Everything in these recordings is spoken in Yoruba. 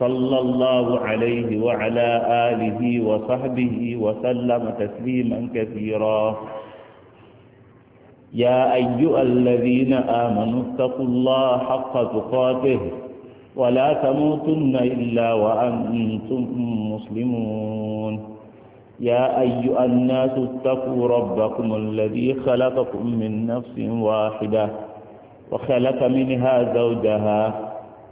صلى الله عليه وعلى آله وصحبه وسلم تسليما كثيرا يا أيها الذين آمنوا اتقوا الله حق تقاته ولا تموتن إلا وأنتم مسلمون يا أيها الناس اتقوا ربكم الذي خلقكم من نفس واحدة وخلق منها زوجها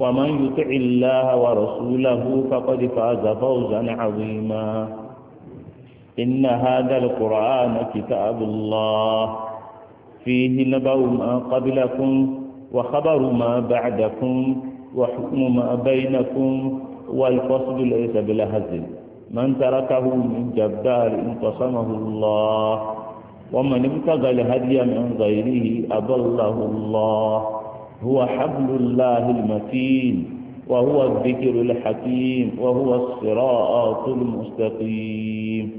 ومن يطع الله ورسوله فقد فاز فوزا عظيما إن هذا القرآن كتاب الله فيه نبأ ما قبلكم وخبر ما بعدكم وحكم ما بينكم والفصل ليس بلهزل من تركه من جبار انقسمه الله ومن ابتغى الهدي من غيره أضله الله هو حبل الله المتين وهو الذكر الحكيم وهو الصراط المستقيم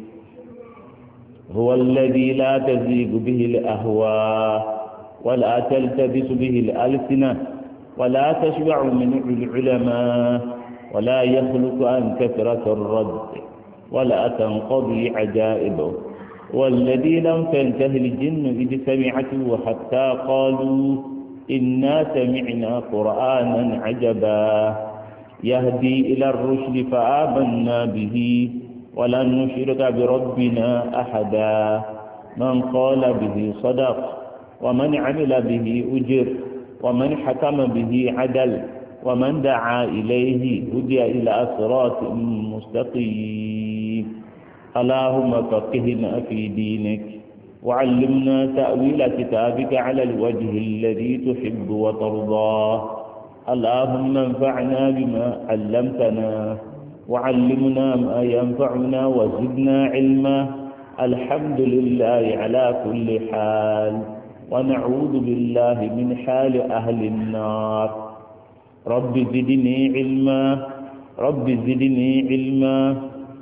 هو الذي لا تزيغ به الأهواء ولا تلتبس به الألسنة ولا تشبع من العلماء ولا يخلق عن كثرة الرد ولا تنقضي عجائبه والذي لم تنته الجن إذ سمعته حتى قالوا إنا سمعنا قرآنا عجبا يهدي إلى الرشد فآمنا به ولن نشرك بربنا أحدا من قال به صدق ومن عمل به أجر ومن حكم به عدل ومن دعا إليه هدي إلى صراط مستقيم اللهم فقهنا في دينك وعلمنا تأويل كتابك على الوجه الذي تحب وترضى اللهم انفعنا بما علمتنا وعلمنا ما ينفعنا وزدنا علما الحمد لله على كل حال ونعوذ بالله من حال أهل النار رب زدني علما رب زدني علما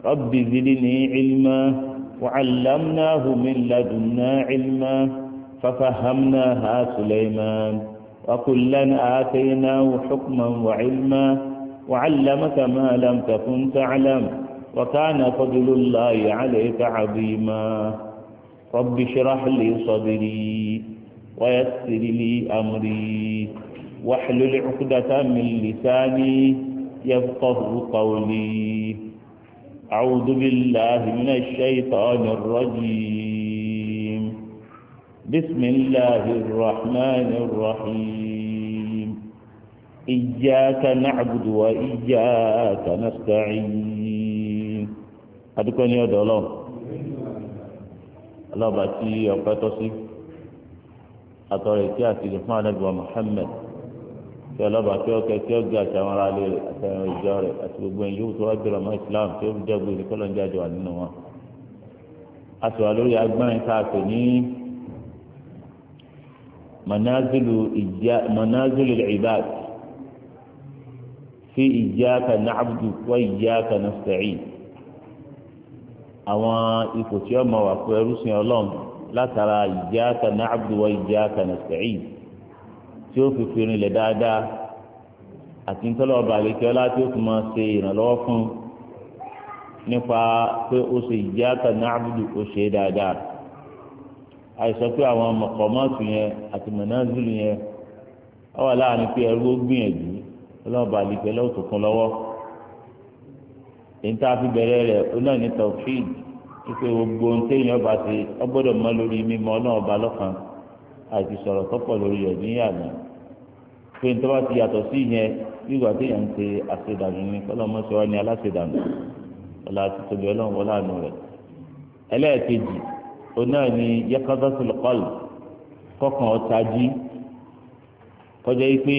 رب زدني علما وعلمناه من لدنا علما ففهمناها سليمان وكلا آتيناه حكما وعلما وعلمك ما لم تكن تعلم وكان فضل الله عليك عظيما رب اشرح لي صدري ويسر لي أمري واحلل عقدة من لساني يفقه قولي أعوذ بالله من الشيطان الرجيم بسم الله الرحمن الرحيم إياك نعبد وإياك نستعين أدكون يا دولار الله باتي أبقى تصيب أطريتي أتلفنا نبوى محمد tí ọlọ́ba tí ọkẹ tí ọgbẹ àti àwọn ará ilé rẹ̀ àti àwọn ìjọ rẹ̀ àti gbogbo ẹ̀yìn yòówù tó wá dúró ọmọ Islam tí ó fi jẹ́ gbèsè kọ́lọ́ ń jáde wà nínú wọn. a sì wà lórí agbárin tá a pè ní manazilu ibad fi iyyaka na'budu wa iyyaka nasta'in àwọn ipò tí ọmọ wà fún sin Ọlọ́run látara iyyaka na'budu wa iyyaka nasta'in. tí ó fi fìrìn lẹ̀ dáadáa àti ntọ́lọ́ ọba àlekẹ́ ọlá tí ó ìrànlọ́wọ́ fún nípa pé ó ṣe iyyaka na'budu ó ṣe dáadáa àìsàn pé àwọn mọ̀kọ́mọ́tù yẹn àti mọ̀nàzìlù yẹn ọ wà láàrin pé ẹrú ó gbìyànjú àlekẹ́ tó kún lọ́wọ́ èyí tá a fi bẹ̀rẹ̀ rẹ̀ ó náà ní tawhid gbogbo ohun téèyàn àti sọ̀rọ̀ tọ́pọ̀ lórí rẹ̀ ní àná pé ní tó bá ti yàtọ̀ sí ìyẹn nígbà tí yẹn ń ṣe àṣedànù ni kọ́lọ́mọ sọ wá ní aláṣedànù ọ̀la àti tóbi ọlọ́run wọlé àánú rẹ̀ ẹlẹ́ẹ̀kejì oná ni yẹ́kọ́sọ́sọ́lọ́kọ́lù kọ́kàn ọ̀tají kọjá yìí pé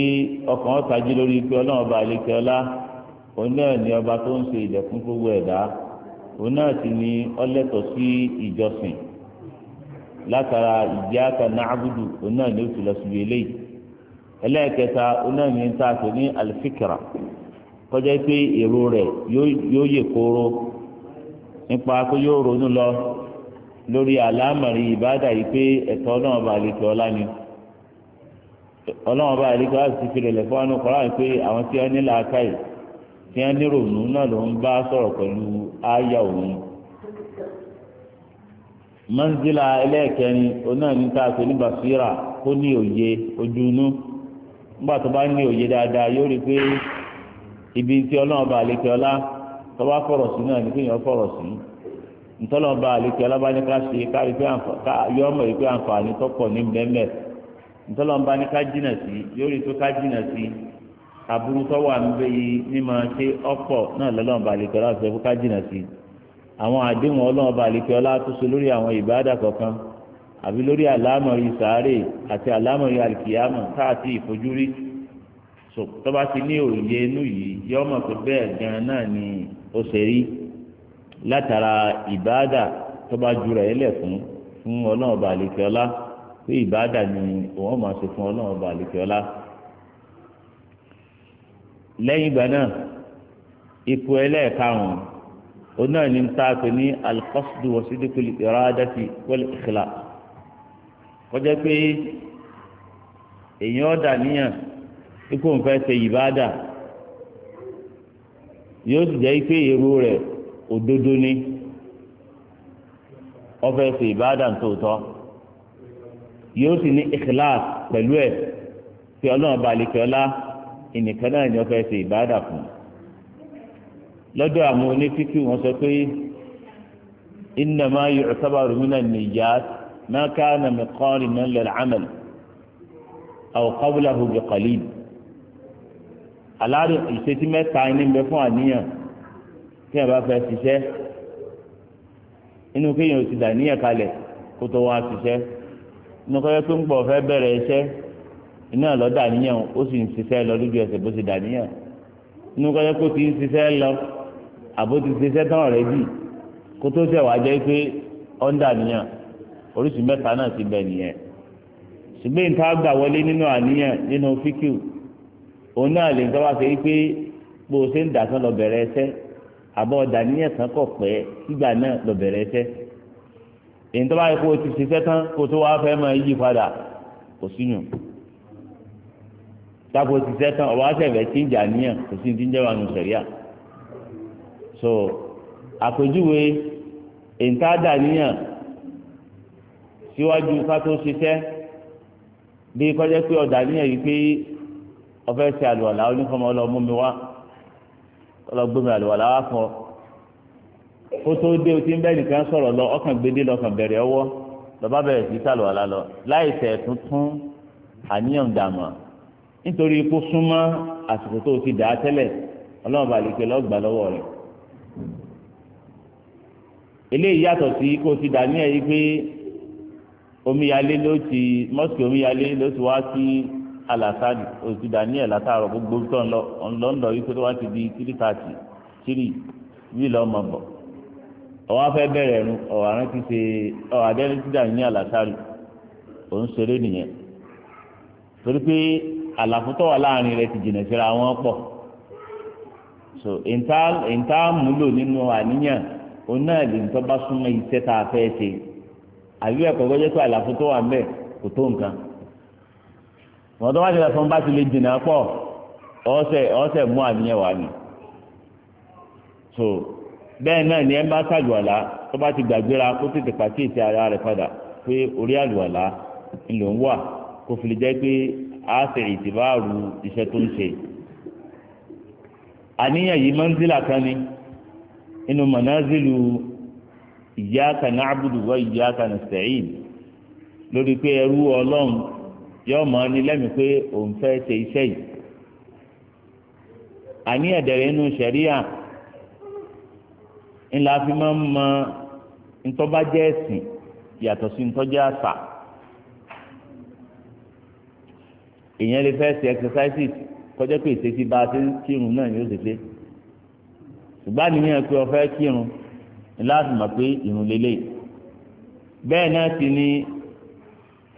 ọkàn ọ̀tají lórí pé ọlọ́run ọba àlekè ọlá oná ni ọba tó ń ṣe ìdẹ̀kùn gbogbo ẹ̀dá oná sì ni ọlẹ́tọ̀ sí ìjọsìn látara iyyaka na'budu onáà ní oṣù lọ́sùn eléyìí ẹlẹ́ẹ̀kẹta onáà ní ta tó ní alifikira kọjá pé èrò rẹ̀ yóò yè kóró nípa pé yóò ronú lọ lórí àlámọ̀rí ìbádà yìí pé ẹ̀tọ́ ọlọ́run bá àlejò ọlá ni ọlọ́run bá àlejò ọlá ti fi lè lẹ̀fọ́ ọ̀nà kọ́ra pé àwọn tí wọ́n ní làákàyè tí wọ́n ní rònú náà ló ń bá sọ̀rọ̀ pẹ̀lú ááyà òun. mọ́ńsílà ẹlẹ́ẹ̀kẹrin oná ní tá a ní basira kó ní òye ojúnú nígbà tó bá ní òye dáadáa yóò rí pé ibi tí ọlọ́run bá tó bá fọ̀rọ̀ sí náà ní pé èèyàn fọ̀rọ̀ sí ntọ́lọ́run bá bá ní ká ṣe yọ ọmọ yìí pé àǹfààní tó pọ̀ ní mẹ́mẹ́ ntọ́lọ́run ní ká jìnà sí yóò rí ká jìnà sí tó wà yìí ní máa àwọn àdéhùn ọlọ́run bá lè fi ọlá àtúnṣe lórí àwọn ìbáàdà kọ̀ọ̀kan àbí lórí àlámọ̀rí sàárè àti àlámọ̀rí àlìkìyàmọ̀ káàtì ìfojúrí tó bá ti ní òye inú yìí yọ ọmọ pé bẹ́ẹ̀ gan-an náà ni ó ṣe rí látara ìbáàdà tó bá ju rẹ̀ lẹ̀ fún fún ọlọ́run bá lè ọlá pé ìbáàdà ni òun máa ṣe fún ọlọ́run bá ọlá. lẹ́yìn ìgbà náà ipò ẹlẹ́ẹ̀karùn-ún onáà ní ntaako ní alikọ́sùdù wọ́sídìkùlì ìrádàtì wọ́lì ìkìlá kọjá pé èèyàn ọ̀dà níyàn ikú òun fẹ́ ṣe ìbáàdà yóò sì jẹ́ pé èrò rẹ̀ òdodo ni ọfẹ́ ṣe ìbáàdà tòótọ́ yóò sì ní ìkìlá pẹ̀lú ẹ̀ fi ọlọ́run balẹ̀ kẹ́ọ́lá ìnìkan náà ni ọfẹ́ ṣe ìbáàdà fún un lọ́dọ̀ àwọn onífíkì wọ́n sọ pé innama yu'tabaru minan niyyat ma kana miqarinan lil 'amal aw qablahu bi qalil aláàrẹ ìṣètí mẹ́ta ní bẹ fún àníyàn tí a bá fẹ́ ṣiṣẹ́ inú kéèyàn ò ti dà níyàn kalẹ̀ kó tó wá ṣiṣẹ́ inú kọ́yọ́ tó ń gbọ̀ fẹ́ bẹ̀rẹ̀ iṣẹ́ iná lọ dà ó sì ń ṣiṣẹ́ lọ lójú ẹsẹ̀ bó ti dà inú kọ́yọ́ kó ti ń ṣiṣẹ́ lọ àbótí ti sẹ́tàn rẹ̀ bì kó tó ṣẹ̀ wá jẹ́ pé ọ́ndà níyàn oríṣi mẹ́ta náà ti bẹ̀ nìyẹn ṣùgbọ́n ìta gbà wọlé nínú àníyàn nínú fíkìú òun náà lè tọ́wọ́ ṣe pé bó o ṣe ń dàtán lọ bẹ̀rẹ̀ ẹsẹ́ àbọ̀ ọ̀dà níyàn kan kọ̀ pẹ́ sígbà náà lọ bẹ̀rẹ̀ ẹsẹ́ èyí tó kó o ti ṣiṣẹ́ tán kó o tó wáá fẹ́ máa yí padà kò síyùn dáko ṣiṣẹ́ tán ọ̀wá ṣẹ̀fẹ̀ tí ń jà níyàn kò sí ti ń jẹ́ wà nù sẹ̀ríà so àpèjúwe èntàdà níyàn síwájú ká tó ṣiṣẹ́ bí kọjá pé ọ̀dà níyàn yìí pé ọfẹ́ ṣe àlùwàlà onífọmọ ọlọ́mú mi wá ọlọ́gbẹ́mi àlùwàlà wá fún ọ kó tó dé o ti ń bẹ́ẹ̀ nìkan sọ̀rọ̀ lọ ọkàn gbédé lọkàn bẹ̀rẹ̀ ọwọ́ lọ́ba bẹ̀rẹ̀ sí sàlùwàlà lọ láì tẹ̀ tuntun àníyàn dàmọ̀ nítorí kó súnmọ́ àsìkò tó ti dà á tẹ́lẹ̀ ọlọ́run bàlẹ̀ ìpè lọ́gbà lọ́wọ́ rẹ̀ eléyìí yàtọ̀ sí kó o ti dà ní ẹ̀yí pé omíyalé ló ti mọ́sùkì omíyalé ló ti wá sí alasadi o ti dà ní ẹ̀ látàárọ̀ gbogbo tó ń lọ ọ̀nlọ́ńdọ̀ yìí pé tó wá ti di three thirty three yìí lọ́ mọ̀ bọ̀ ọwọ́ afẹ́ bẹ̀rẹ̀ ẹ̀rù ọ̀wọ́ àrùn ti ṣe ọ̀wọ́ adẹ́rẹ́ ti dà ní alasadi ò ń ṣeré nìyẹn torí pé àlàfo tó wà láàrin rẹ̀ ti jìnnà síra wọn pọ̀ so ìta múlò nínú àníyàn òun náà lè ń tọ́ba súnmọ́ iṣẹ́ tá a fẹ́ ṣe àbí ẹ̀kọ́ gbọ́dọ̀ pé àlàfo tó wà mẹ́ kò tó nǹkan wọ́n tó wá ti lọ́sọ̀ bá ti lè dènà pọ̀ ọ̀sẹ̀ ọ̀sẹ̀ mú àníyàn wà ní so bẹ́ẹ̀ náà ni ẹ bá ṣàlùwàlá tó bá ti gbàgbéra kó tètè pàkíyèsí ara rẹ̀ padà pé orí àlùwàlá ńlò ń wà kó fi lè jẹ́ pé a ṣe ìtìbáàrù iṣẹ́ tó ń àníyàn yìí manzila kan ni inú manazilu iyyaka na'budu wa iyyaka nasta'in lórí pé ẹrú ọlọ́run yóò máa ní lẹ́mìí pé òun fẹ́ ṣe iṣẹ́ yìí àníyàn dẹ̀rẹ̀ inú ṣẹ̀ríà ńlá fi máa ń mọ ntọ́ba ẹ̀sìn yàtọ̀ sí ntọ́jẹ́ àṣà èèyàn lè fẹ́ ṣe exercises kọjá pé ìṣesí bá a ti ń kírun náà ni ó ṣe ṣe ṣùgbọ́n àníyàn pé ọ̀fẹ́ kírun láti mọ̀ pé ìrun lélẹ̀ bẹ́ẹ̀ náà sì ni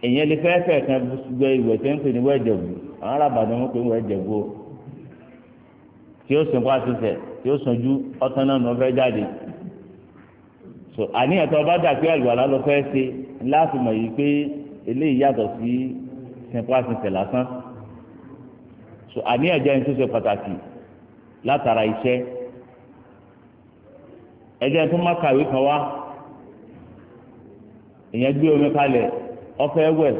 èyàn lè fẹ́ fẹ́ kan gbẹ ìwẹ̀ tó ń pè ní wẹ́ẹ̀dẹ̀gbù àwọn arábàdàn wọn pè ní wẹ́ẹ̀dẹ̀gbù o tí ó sùn kó àtúnṣe tí ó sùn ju ọtán náà ní ọfẹ́ jáde so àníyàn tó bá dà pé àlùwàlá lọ fẹ́ ṣe láti mọ̀ yìí pé eléyìí yàtọ̀ sí sìnkú àtúnṣe lásán àníyàn jẹ́ ní tó ṣe pàtàkì látara iṣẹ́ ẹjẹ tó má kàwé kan wá èèyàn gbé omi kalẹ̀ ọfẹ́ wẹ̀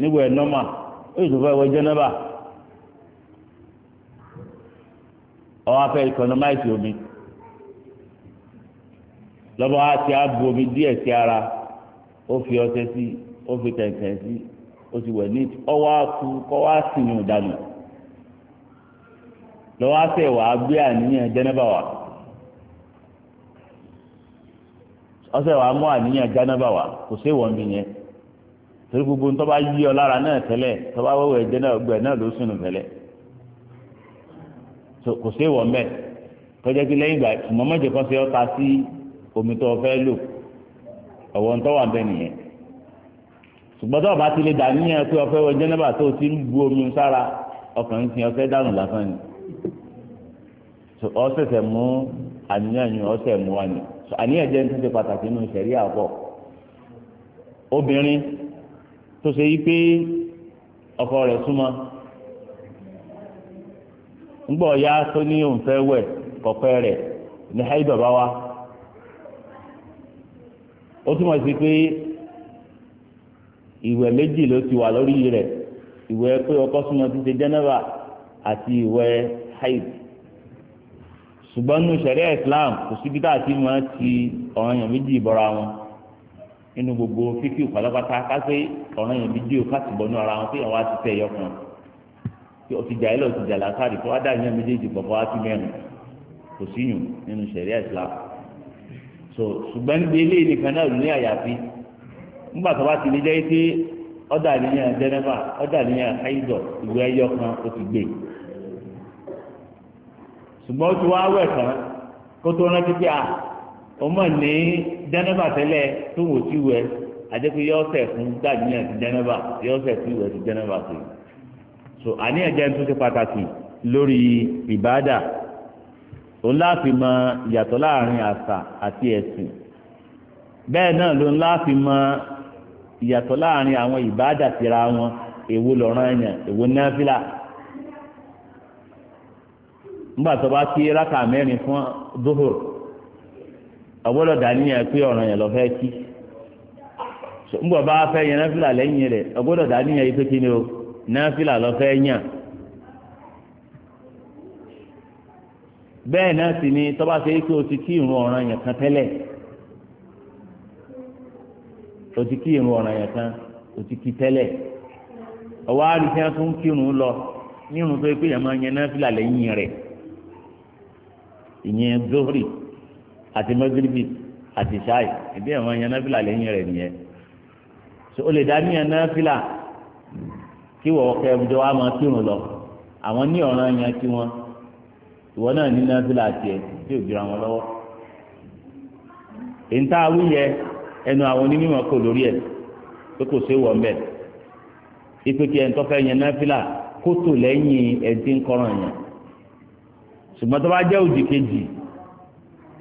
níwẹ̀ nọ́mà ó yìí tó fẹ́ wẹ̀ jẹ́nẹ́bà ọwọ́ afẹ́ economize omi lọ́bọ̀ á ti bu omi díẹ̀ sí ara ó fi ọṣẹ sí ó fi kẹ̀kẹ́ sí ó ti wẹ̀ ní ọwọ́ àkú kọ́ wá sínú ìdánù lọ́wọ́ àṣẹ wà á gbé àníyàn jẹ́nẹ́bà wá ọṣẹ wà á mú àníyàn jẹ́nẹ́bà wá kò sí ìwọ̀n mi yẹn torí gbogbo tó bá yí ọ lára náà tẹ́lẹ̀ tó bá wẹ̀wẹ̀ jẹ́nẹ́bà gbẹ̀ náà ló sùn tẹ́lẹ̀ kò sí ìwọ̀n mẹ́ tọ́jà kí lẹ́yìn ìgbà mọ́mọ́jẹ kan ṣe ọ́ ta sí omi tó o fẹ́ lò ọ̀wọ́ ń tọ́wà bẹ́ẹ̀ nìyẹn ṣùgbọ́n tó bá ti lè dà níyàn pé o fẹ́ jẹ́nẹ́bà tó o ti ń bu omi sára ọkàn ń sin ọfẹ́ dànù lásán ni. ọ̀sẹ̀sẹ̀ mú àníyànjú ọ̀sẹ̀ mú wa ni àníyàn ṣe pàtàkì nínú ìṣẹ̀rí àbọ̀ obìnrin tó ṣe yí pé ọkọ rẹ̀ súnmọ́ ńgbọ̀ ya tó ní òun fẹ́ wẹ̀ kọ̀pẹ́ rẹ̀ ní ó túmọ̀ sí pé ìwẹ̀ méjì ló ti wà lórí rẹ̀ ìwẹ̀ ọkọ súnmọ́ ti ṣe àti ìwẹ̀ haid ṣùgbọ́n nínú Islam kò síbi tá a ti máa ti ọ̀ràn yẹn bọ́ra wọn nínú gbogbo fífi pátápátá kásé ọ̀ràn yẹn méjì ò ara wọn ti tẹ̀ ẹ̀yọ kan kí ọtí jà ilẹ̀ ọtí jà látàrí kó wá dà méjèèjì Islam so ṣùgbọ́n níbi nìkan náà ní àyàfi nígbà tó bá ti lè jẹ́ pé ọ̀dà jẹ́nẹ́fà ọ̀dà ṣùgbọ́n ó ti wá wẹ̀ tán kó tó rántí pé à ah, ọmọ ní jẹ́nẹ́bà tẹ́lẹ̀ tó wò sí wẹ̀ àdékù yọ ọ̀sẹ̀ fún gbàdúnyà ti jẹ́nẹ́bà yọ ọ̀sẹ̀ sí wẹ̀ ti jẹ́nẹ́bà sí i so àníyàn jẹ́ tó ṣe pàtàkì lórí ìbáàdà òun láàfin mọ ìyàtọ̀ láàrin àṣà àti ẹ̀sìn bẹ́ẹ̀ náà ló ń láàfin mọ ìyàtọ̀ láàrin àwọn ìbáàdà síra wọn èwo lọ́ranyàn èwo náfìlà nígbà tó bá kí rákà mẹ́rin fún dóhùr ọgbọ́dọ̀ dàníyàn pé ọ̀ràn yẹn lọ fẹ́ kí nígbà fẹ́ yẹn náfìlà lẹ́yìn rẹ̀ ọgbọ́dọ̀ dàníyàn yìí pé kí ni o náfìlà lọ fẹ́ yàn. bẹ́ẹ̀ náà sì ni tó ṣe é pé o ti kí ìrun ọ̀ràn yẹn kan tẹ́lẹ̀ o ti kí ọ̀ràn yẹn kan o ti kí tẹ́lẹ̀ ọwọ́ àrísẹ́ tó ń kírun lọ nírun tó yẹ pé yẹn máa yẹn náfìlà lẹ́yìn rẹ̀. ìyẹn zohri àti magribi àti ṣáì ìdí ẹ̀wọ̀n yẹn náfìlà lẹ́yìn rẹ̀ nìyẹn so o lè dá níyẹn náfìlà kí wọ́n kẹ́ ẹ̀jọ́ wa máa kírun lọ àwọn ní ọ̀ràn yẹn kí wọ́n ìwọ náà ní náfìlà tiẹ̀ tí ò jura wọn lọ́wọ́ èyí tá a wí yẹ ẹnu àwọn onímọ̀ kò lórí ẹ̀ pé kò sí wọ̀ mbẹ́ ipe ẹ̀ ń tọ́fẹ́ yẹn náfìlà kó tò lẹ́yìn ẹ̀ dín kọ́ràn yẹn ṣùgbọ́n tó bá jẹ́ òdì kejì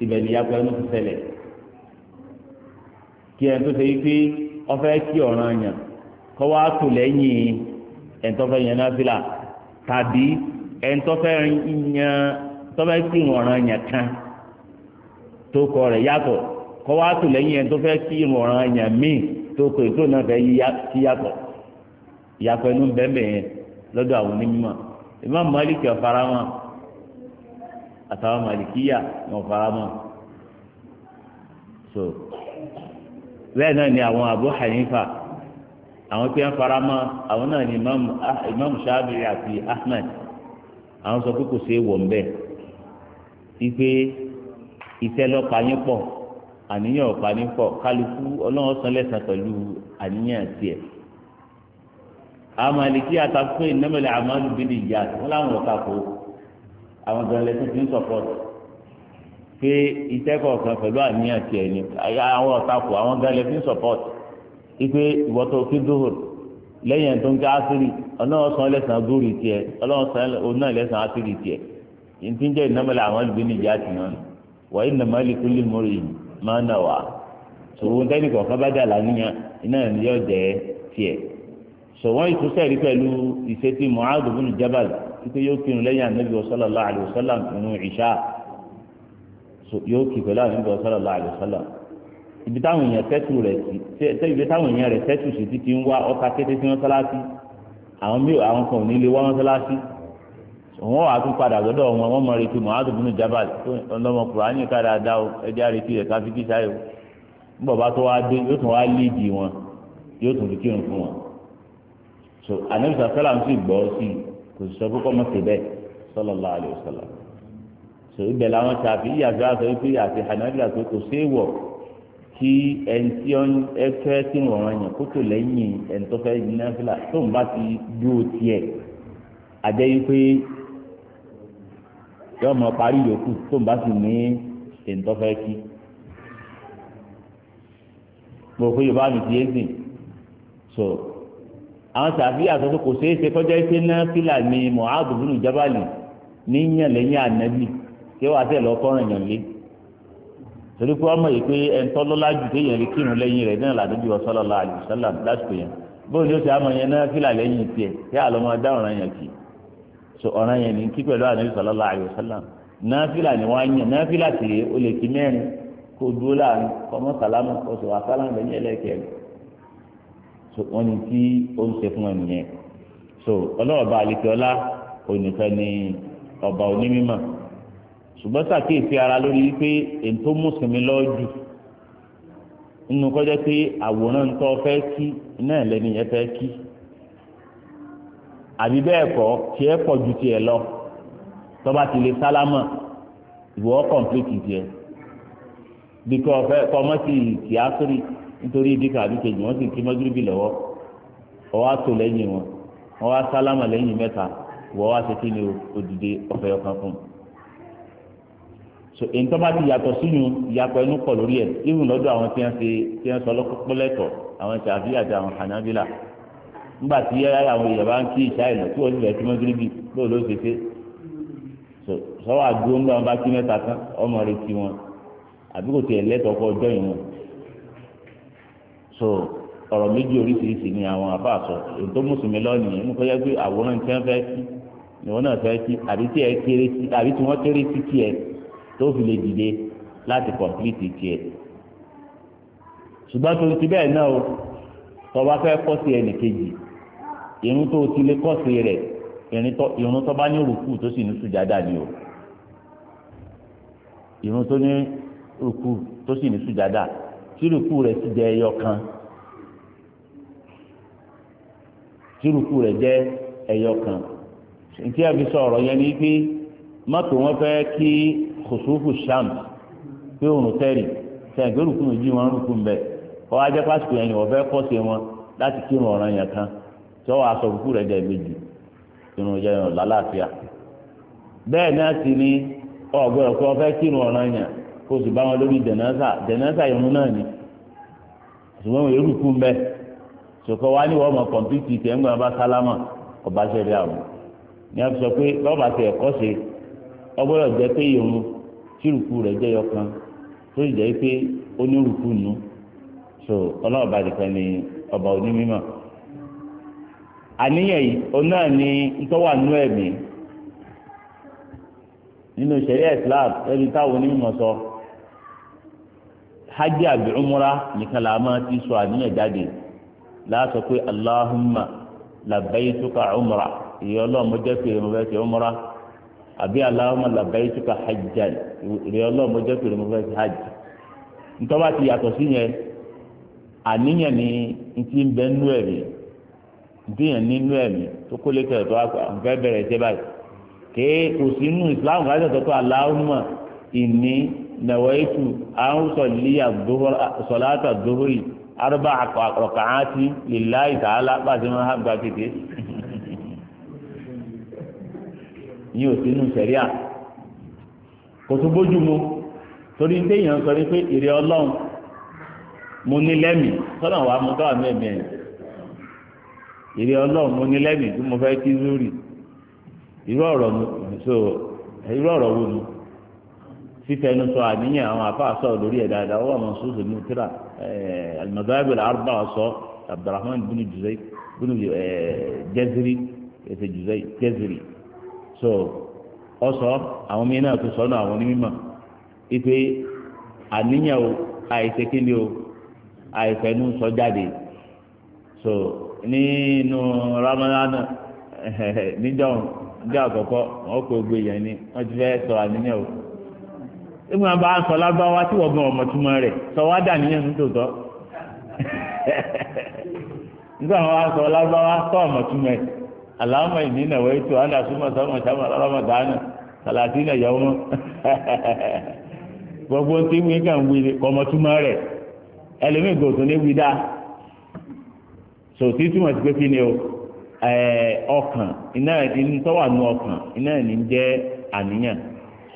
ibẹ̀ ni yàgbẹ́ ló ti ṣẹlẹ̀ kí ẹni tó ṣe yí pé ọfẹ́ kí ọ̀ràn yàn kọ́ wá tò lẹ́yìn ẹni tó fẹ́ yẹn náà fìlà tàbí ẹni tó fẹ́ yan tó fẹ́ kí ọ̀ràn yàn kan tó kọ rẹ̀ yàtọ̀ kọ́ wá tò lẹ́yìn ẹni tó fẹ́ kí ọ̀ràn yàn míì tó kọ ètò náà fẹ́ yí yàtọ̀ ìyàpẹ́ ló bẹ́ẹ̀ bẹ́ẹ̀ lọ́dọ̀ àwọn onímọ̀ Imam Malik ọ̀farahàn àtàwọn màlìkíyà wọn fara mọ́ so bẹ́ẹ̀ náà ni àwọn Abu Hanifa àwọn tí wọn fara mọ́ àwọn náà ni imam ah, Shafi'i àti Ahmed àwọn sọ pé kò sí èèwọ̀ ńbẹ ipe iṣẹ́ lọ́pàá yín pọ̀ àníyàn ọ̀pá yín pọ̀ kálukú ọlọ́run san lẹ́sàn pẹ̀lú àníyàn tiẹ̀ àwọn màlìkíyà ta pé ìnámẹ́lẹ̀ àmàlù bíi ìyá wọn láwọn ọ̀ka kò ó àwọn gan lẹ́sìn ti ń sọ̀pọ̀tì pé iṣẹ́ kọ̀ọ̀kan pẹ̀lú àníyàn tiẹ̀ ni àwọn ọ̀tàkù àwọn gan lẹ́sìn sọ̀pọ̀tì ipe ìwọ́tò kí dúhùr lẹ́yìn ẹ̀ tó ń ká ásírì ọlọ́run san lẹ́sàn-án dúhùrì tiẹ̀ ọlọ́run san onáà lẹ́sàn-án ásírì tiẹ̀ ìtúnjẹ́ ìnámọ́lẹ̀ àwọn ìgbéníjà ti hàn wà ìnámọ́lẹ̀ kúlì mọ́rì máa nà wá sòwò tẹ́lẹ̀ kọ̀ọ̀kan bá dà lánìyàn iná ẹ̀ jẹ́ tiẹ̀ sòwọ́n ìtúsẹ̀rí pẹ̀lú ìṣètì Mu'adh bin Jabal títí yóò kírun lẹ́yìn anabi sallallahu alaihi wasallam nínú ìṣá yóò kí pẹ̀lú anabi sallallahu alaihi wasallam ibi táwọn èèyàn tẹ́tù rẹ̀ sí ibi táwọn èèyàn rẹ̀ tẹ́tù sí títí ń wá ọta kété sí mọ́sálásí àwọn mí àwọn kan ò ní lè wá mọ́sálásí wọn wà á tún padà lọ́dọ̀ wọn wọ́n mọ retí Mu'adh bin Jabal ọlọ́mọ kùránì kára dá o ẹjẹ́ àrètí rẹ̀ káfí kí sáyò ń bọ̀ bá tó wá dé yóò tún wá líìdì wọn yóò tún fi kírun fún wọn. so ànábìsà sálàm sì gbọ́ sí i kò sì sọ pé kọ́ mọ̀tì bẹ́ẹ̀ sallallahu alaihi wasallam sòrí bẹ́ẹ̀ làwọn ṣàfi ìyàgbé àti ìpè àti hànàbí àti kò sí èèwọ̀ kí ẹni tí ó ń fẹ́ tí wọ́n rán yàn kó tó lẹ́yìn ẹni tó fẹ́ ní náfìlà tó ń bá ti dúró tiẹ̀ àjẹ́ yìí pé yọ ọmọ parí yòókù tó ń bá sì ní ẹni kí gbogbo yorùbá mi ti yé sìn so àwọn sàfihàn àtọ́sọ́ kò ṣeé ṣe kọjá iṣẹ́ náà fílà ni Mu'adh bin Jabal ní yàn lẹ́yìn ànábì kí wàá tẹ̀ lọ kọ́ràn yàn lé torí pé ọmọ yìí pé ẹ̀ńtọ́ lọ́lá jù téèyàn lè kírun lẹ́yìn rẹ̀ náà làdébí wa sallallahu alaihi wasallam lásìkò yẹn bóyá ó ṣe àmọ̀ yẹn náà fílà lẹ́yìn tiẹ̀ kí àlọ́ máa dá ọ̀ràn yẹn kì í so ọ̀ràn yẹn ní kí pẹ̀lú ànábì wọ́n ní tí ó ń ṣe fún ẹ nìyẹn so ọlọ́ọ̀ba àlekèọ́lá onìkan ni ọba onímọ̀ ṣùgbọ́n sàkíyèsí ara lórí wípé èyí tó mú sinmi lọ́ọ́jù nínú kọjá pé àwòrán ń tọ́ fẹ́ kí iná ẹ̀lẹ́ni yẹn fẹ́ kí àbí bẹ́ẹ̀ kọ́ tiẹ̀ pọ̀ ju tiẹ̀ lọ tọ́ba ti lè sálámà ìwọ́ kọ̀ǹpìlìtì tiẹ̀ bí kò fẹ́ kọ́ mọ́ sí ìkíásírì nítorí ìdíkà àdúkejì wọ́n sì ń kí mọ́gíríbì lọ́wọ́ ọwọ́ àtò lẹ́yìn wọn wọ́n wá sálámà lẹ́yìn mẹ́ta wọ́n wá ṣe ni odìde ọ̀fẹ́ ọ̀kan fún un. so èyí tó bá ti yàtọ̀ sínú ìyàpọ̀ ẹnu pọ̀ lórí ẹ̀ irun lọ́dọ̀ àwọn tí wọ́n ṣe tí wọ́n sọ lọ́pọ̀lẹ́tọ̀ àwọn ṣàfi àti àwọn hanabila nígbà tí àwọn èèyàn bá ń kí ìṣá ìlọ tí wọ́n ti bẹ̀rẹ̀ sí mọ́gíríbì lóò ló ṣe lẹ́tọ̀ọ́ kọ́ ọjọ́ ìwọ̀n so ọ̀rọ̀ méjì oríṣiríṣi ni àwọn àbá sọ ètò mùsùlùmí lọ́ọ̀nì yẹn nípa yẹn pé àwòrán tí wọ́n fẹ́ kí ni wọ́n náà fẹ́ kí àbí tí ẹ kéré sí àbí tí wọ́n kéré sí tiẹ̀ tó fi lè dìde láti kọ̀m̀plìtì tiẹ̀ ṣùgbọ́n tó ti bẹ́ẹ̀ náà o tọba fẹ́ kọ́ sí ẹnì kejì irun tó ti lè kọ́ sí rẹ̀ irun tó bá ní rùkù tó sì ní sùjádà ni o irun tó ní rùkù tó sì ní sùjádà tìrùkù rẹ̀ ti jẹ́ ẹyọ kan tìrùkù rẹ̀ ẹyọ kan ntí a sọ ọ̀rọ̀ yẹn ni pé wọn fẹ́ kí kòsófù sham pé òun tẹ́rì sẹ́yìn rúkú wọn rúkú ń bẹ̀ ajẹ́ pásítọ̀ yẹn ni wọ́n fẹ́ kọ́ sí wọn láti kírun ọ̀ràn yẹn kan tí wọ́n aṣọ rẹ̀ méjì yẹn lálàáfíà bẹ́ẹ̀ náà sì ni ọ̀gbọ́n kó o sì bá wọn lórí jẹ̀nẹ́sà jẹ̀nẹ́sà ìrun náà ni ṣùgbọ́n wọn èrú kú mbẹ́ ṣòkò wá níwọ̀ ọmọ kọ̀m̀pútì tẹ̀ ń gbọ́n bá sálámà ọba ṣẹlẹ̀ àwọn ni a sọ pé lọ́ba ti ẹ̀kọ́ ṣe ọgbọ́dọ̀ jẹ́ pé ìrun tí rùkú rẹ̀ jẹ́ yọkan tó sì jẹ́ pé ó ní rùkú nù so ọlọ́ọ̀ba nìkan ni ọba onímọ̀ àníyàn yìí òun náà ni ìtọ́wà nú ẹ̀mí nínú ìṣẹ̀lẹ̀ Islam ẹni táwọn onímọ̀ sọ hajj àbí umra nìkan là ti sọ àníyàn jáde láàsọ pé allahumma labbaytuka umra ìyẹn ọlọ́run jẹ́ pé mo umra àbí allahumma labbaytuka hajjan ìyẹn ọlọ́run jẹ́ hajj ntọ́ba ti yàtọ̀ sí yẹn àníyàn ni ntí ń bẹ nínú ẹ̀mí ntí yẹn nínú ẹ̀mí tó kólé kẹrẹ̀ tó àfẹ́ bẹ̀rẹ̀ ṣe báyìí kò inni. nàwẹ́tù àrùsọ̀líyà sọ̀látà dóhórì arúbà àkọ̀kàáti lillahi ta'ala pàṣẹ máa gba kéde ní òsínú sẹ̀ríà kò tó bójú mu torí téèyàn sọ wípé èrè ọlọ́run mo ní lẹ́mìí sọ́nà wàá mo tọ́wà mẹ́mẹ́ èrè ọlọ́run mo ní lẹ́mìí tí mo fẹ́ kí lórí irú ọ̀rọ̀ wo nu. fífẹnu sọ àníyàn àwọn àfáà lórí ẹ̀ dáadáa ó wà mọ̀ sóòsò ní tíra al-madhahib al-arba so ọ àwọn míín náà tó sọ àwọn onímọ̀ ipe àníyàn o àìsèkéle o so nínú ramadan níjọ́ níjọ́ àkọ́kọ́ wọn kò gbé yẹn ni wọ́n ti sọ àníyàn ìmọ̀ bá ń sọ lágbáwá tí wọ́n gan ọmọ túmọ̀ rẹ̀ sọ wá dà níyẹn ní tòótọ́ nígbà wọn sọ lágbáwá tọ́ ọmọ túmọ̀ ẹ̀ aláwọ̀ ìní nàwọ̀ ètò àdàsúmọ̀ sọ́mọ̀ sọ́mọ̀ lọ́rọ̀mọ̀ dáná sàlàtì nà yọ̀ wọn gbogbo tí wí ọmọ túmọ̀ rẹ̀ ẹlòmíì gòtò ní wí dá sòtí o ọkàn iná ẹ̀ tọ́wà ọkàn iná ẹ̀ ní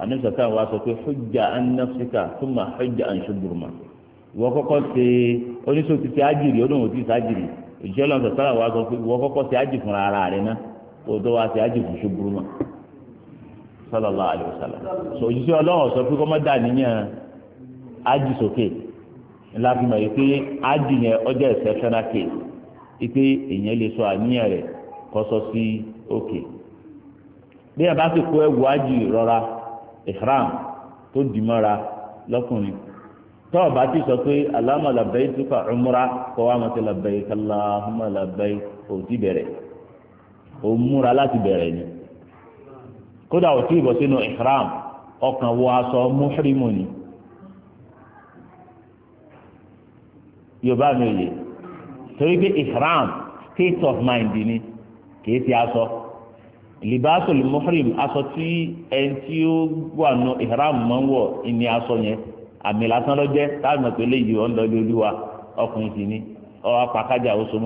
àníṣe táwọn wa sọ pé hujja an nafsika thumma hujja an ṣubùrùmà ìwọ kọ́kọ́ ṣe ti ṣe ájìrì ti ajiri wa sọ pé ṣe o ṣe ájì fún ṣubùrùmà sallallahu alaihi wasallam sọ sọ pé kọ́ dà níyàn ájì sókè ńlá yìí pé yẹn ọjọ́ ipe èèyàn lè sọ rọra ihram tó dì mọ́ra lọ́kùnrin tó o bá ti sọ pé allahumma labbayka umra kọ́ wa mọ̀ sí labbayka allahumma labbayka kò tí bẹ̀rẹ̀ o múra láti bẹ̀rẹ̀ ni kódà o tí sínú ihram ọkàn wọ aṣọ muhrimu ni yorùbá mi ò yẹ torí pé ihram state of mind ni kì í ti aṣọ libasul muhrim aṣọ tí ẹni tí ó wà nù ihram máa ń wọ̀ ìní aṣọ yẹn àmì lásán ló jẹ́ táwọn ọmọ pẹ̀lẹ́ yìí wọ́n lọ bí olúwa ọkùnrin sì ni ọwọ́ apàkájà ó so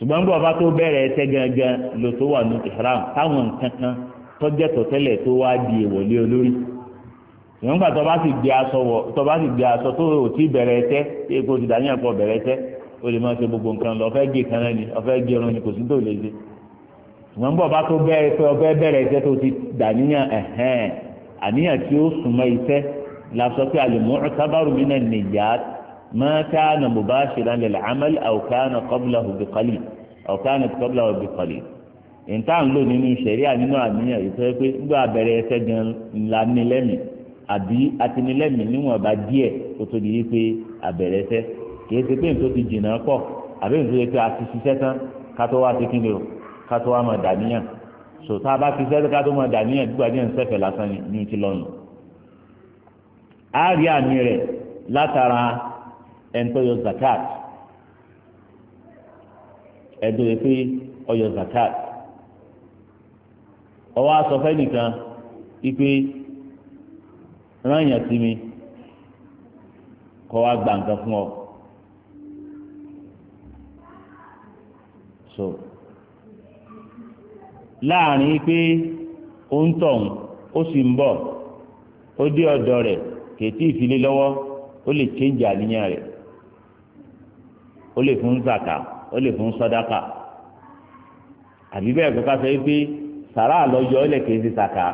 ṣùgbọ́n bí ọba tó bẹ̀rẹ̀ ẹsẹ̀ gangan ló tó wà nù ihram táwọn nǹkan tọ́jẹ́ tọ̀tẹ́lẹ̀ tó wá di ìwọlé olórí ìwọ̀n gbà tọba sì gbé aṣọ wọ tọba sì gbé aṣọ tó o ti bẹ̀rẹ̀ ẹsẹ̀ tí èkó ti dàníyàn pọ̀ bẹ̀rẹ̀ ẹsẹ̀ o lè máa ṣe gbogbo nǹkan lọ ọ̀fẹ́ gé kan náà ni ọ̀fẹ́ gé irun ni kò sí tó lè ṣe ṣùgbọ́n bọ̀ bá tó bẹ́ẹ̀ pé ọbẹ̀ bẹ̀rẹ̀ iṣẹ́ tó ti dàníyàn ẹ̀hẹ́n àníyàn tí ó súnmọ́ iṣẹ́ la sọ pé al-mu'tabaru mina niyyat ma kana mubashiran lil-amal aw kana qablahu bi qalil aw kana qablahu bi qalil ìta ń lò nínú ṣẹ̀ríà nínú àníyàn ìfẹ́ pé nígbà abẹ́rẹ́ ẹsẹ̀ gan la ní lẹ́mìí àbí atinilẹ́mìí kátó wá máa dàníyàn so tá a bá fi sẹ́sẹ́ kátó máa dàníyàn gbígbà díẹ̀ ń sẹ́fẹ̀ lásán ní ti lọ́nu. a rí àmì rẹ̀ látara ẹ̀ńtọ́yọ zakat ẹ̀dùn yẹ pé ọyọ zakat ọwọ́ asọ̀fẹ́ nìkan ipe rányàn sí mi kọ́ wa gba fún ọ. so láàrin pé ó ń tọ̀hún ó sì ń bọ̀ ó dé ọ̀dọ̀ rẹ̀ kètí ìfilé lọ́wọ́ ó lè change àníyàn rẹ̀ ó lè fún zaka ó lè fún sàdáká àbí bẹ́ẹ̀ kọ́ka sọ pé sàrà àlọ́yọ ó lè kèé sí zaka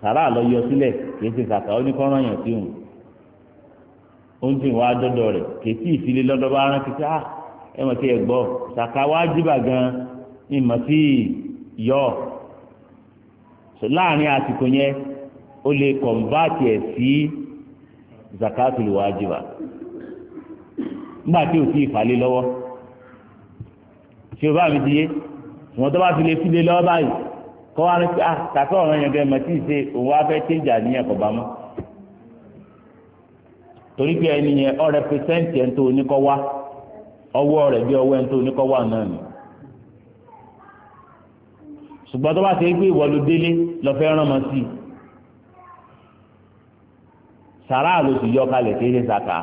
sàrà àlọ́yọ sílẹ̀ kèé sí zaka ó ní kọ́ rányàn sí òun ó ń sìn wá dọ́dọ̀ rẹ̀ ah ẹ ẹ gbọ́ gan ìmọ̀ sí yọ láàrin àsìkò yẹn o lè kọ̀ǹbáàtì ẹ̀ sí zakatul wajiba nígbà tí o ti ìfàlẹ́ lọ́wọ́ tí o bá mi di wọn tó fi lè file lọ́wọ́ báyìí kọ́ wa ní pé ah kàtó ọ̀ràn yẹn gẹ́gẹ́ mọ̀tí ṣe òun wá fẹ́ tẹ́jà ní ẹ̀kọ́ bá mọ́ torí pé ẹni yẹn ẹ̀ ṣùgbọ́n tó bá ṣe é gbé ìwọ ló délé lọ fẹ́ rán ọmọ sí i sàrà ló sì yọ kalẹ̀ kéde sàkà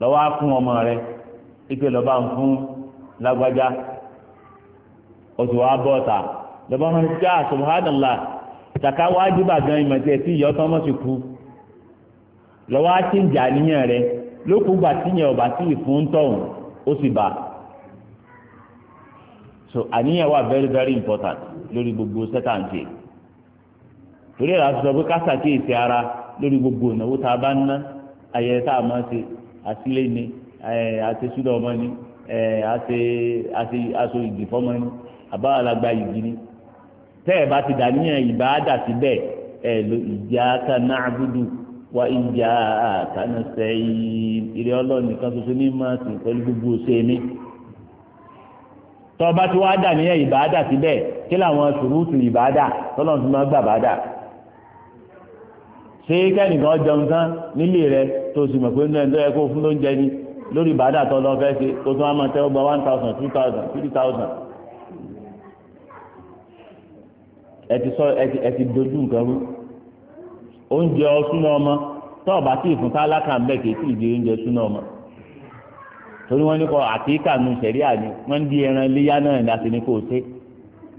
lọ́wọ́ á fún ọmọ rẹ ike lọ́ba ń fún lágbájá oṣù wa bọ́ ọ̀tà lọ́ba ń já subhanallah sàkà wá jíbà gan ìmọ̀ tí ẹ ti yọ tán mọ́ sí kú lọ́wọ́ á ti ń jà níyàn rẹ lókùn gbà tíyẹn ọ̀bà tí ìfún ń tọ̀hún ó sì bá so àníyàn wà very very important lórí gbogbo sẹ́tàǹtì torí ẹ̀rọ àti sọ pé kásà kí èsì ara lórí gbogbo ìnáwó tá a bá ń ná ayẹyẹ tá a máa ṣe àtìlẹ́ ni àti ṣúdọ̀ ọmọ ni àti aṣọ ìdì fọ́mọ ni àbáwọ̀ alágbá ìdí ni tẹ́ ẹ̀ bá ti dà níyàn ìbá dà síbẹ̀ ẹ̀ lo iyyaka na'budu wa iyyaka nasta'in ìrẹ́ ọlọ́ọ̀nì kan ṣoṣo ní máa sìn pẹ̀lú gbogbo ṣe ni tọba tí wàá dà níyẹn ìbáadà síbẹ̀ kí làwọn ṣùrùtù ìbáadà tọ́lọ́n ti máa gbà báadà ṣé kẹ́nìkan jẹun tán nílé rẹ tó sì mọ̀ pé nínú ẹ̀ tó yẹ kó fún lóúnjẹ ni lórí ìbáadà tọ́lọ́ fẹ́ ṣe kó tún á máa tẹ́wọ́ gba one thousand two thousand three thousand ẹ ti sọ ẹ ti dojú nǹkan rú oúnjẹ ọ súná ọmọ tọ́ọ̀bà tí ìfúnta alákàmbẹ̀ kì í sì torí wọ́n ní kọ́ àtìkà nu sẹ̀ríà ni wọ́n ń di ẹran léyà náà ní àti ní kò ṣe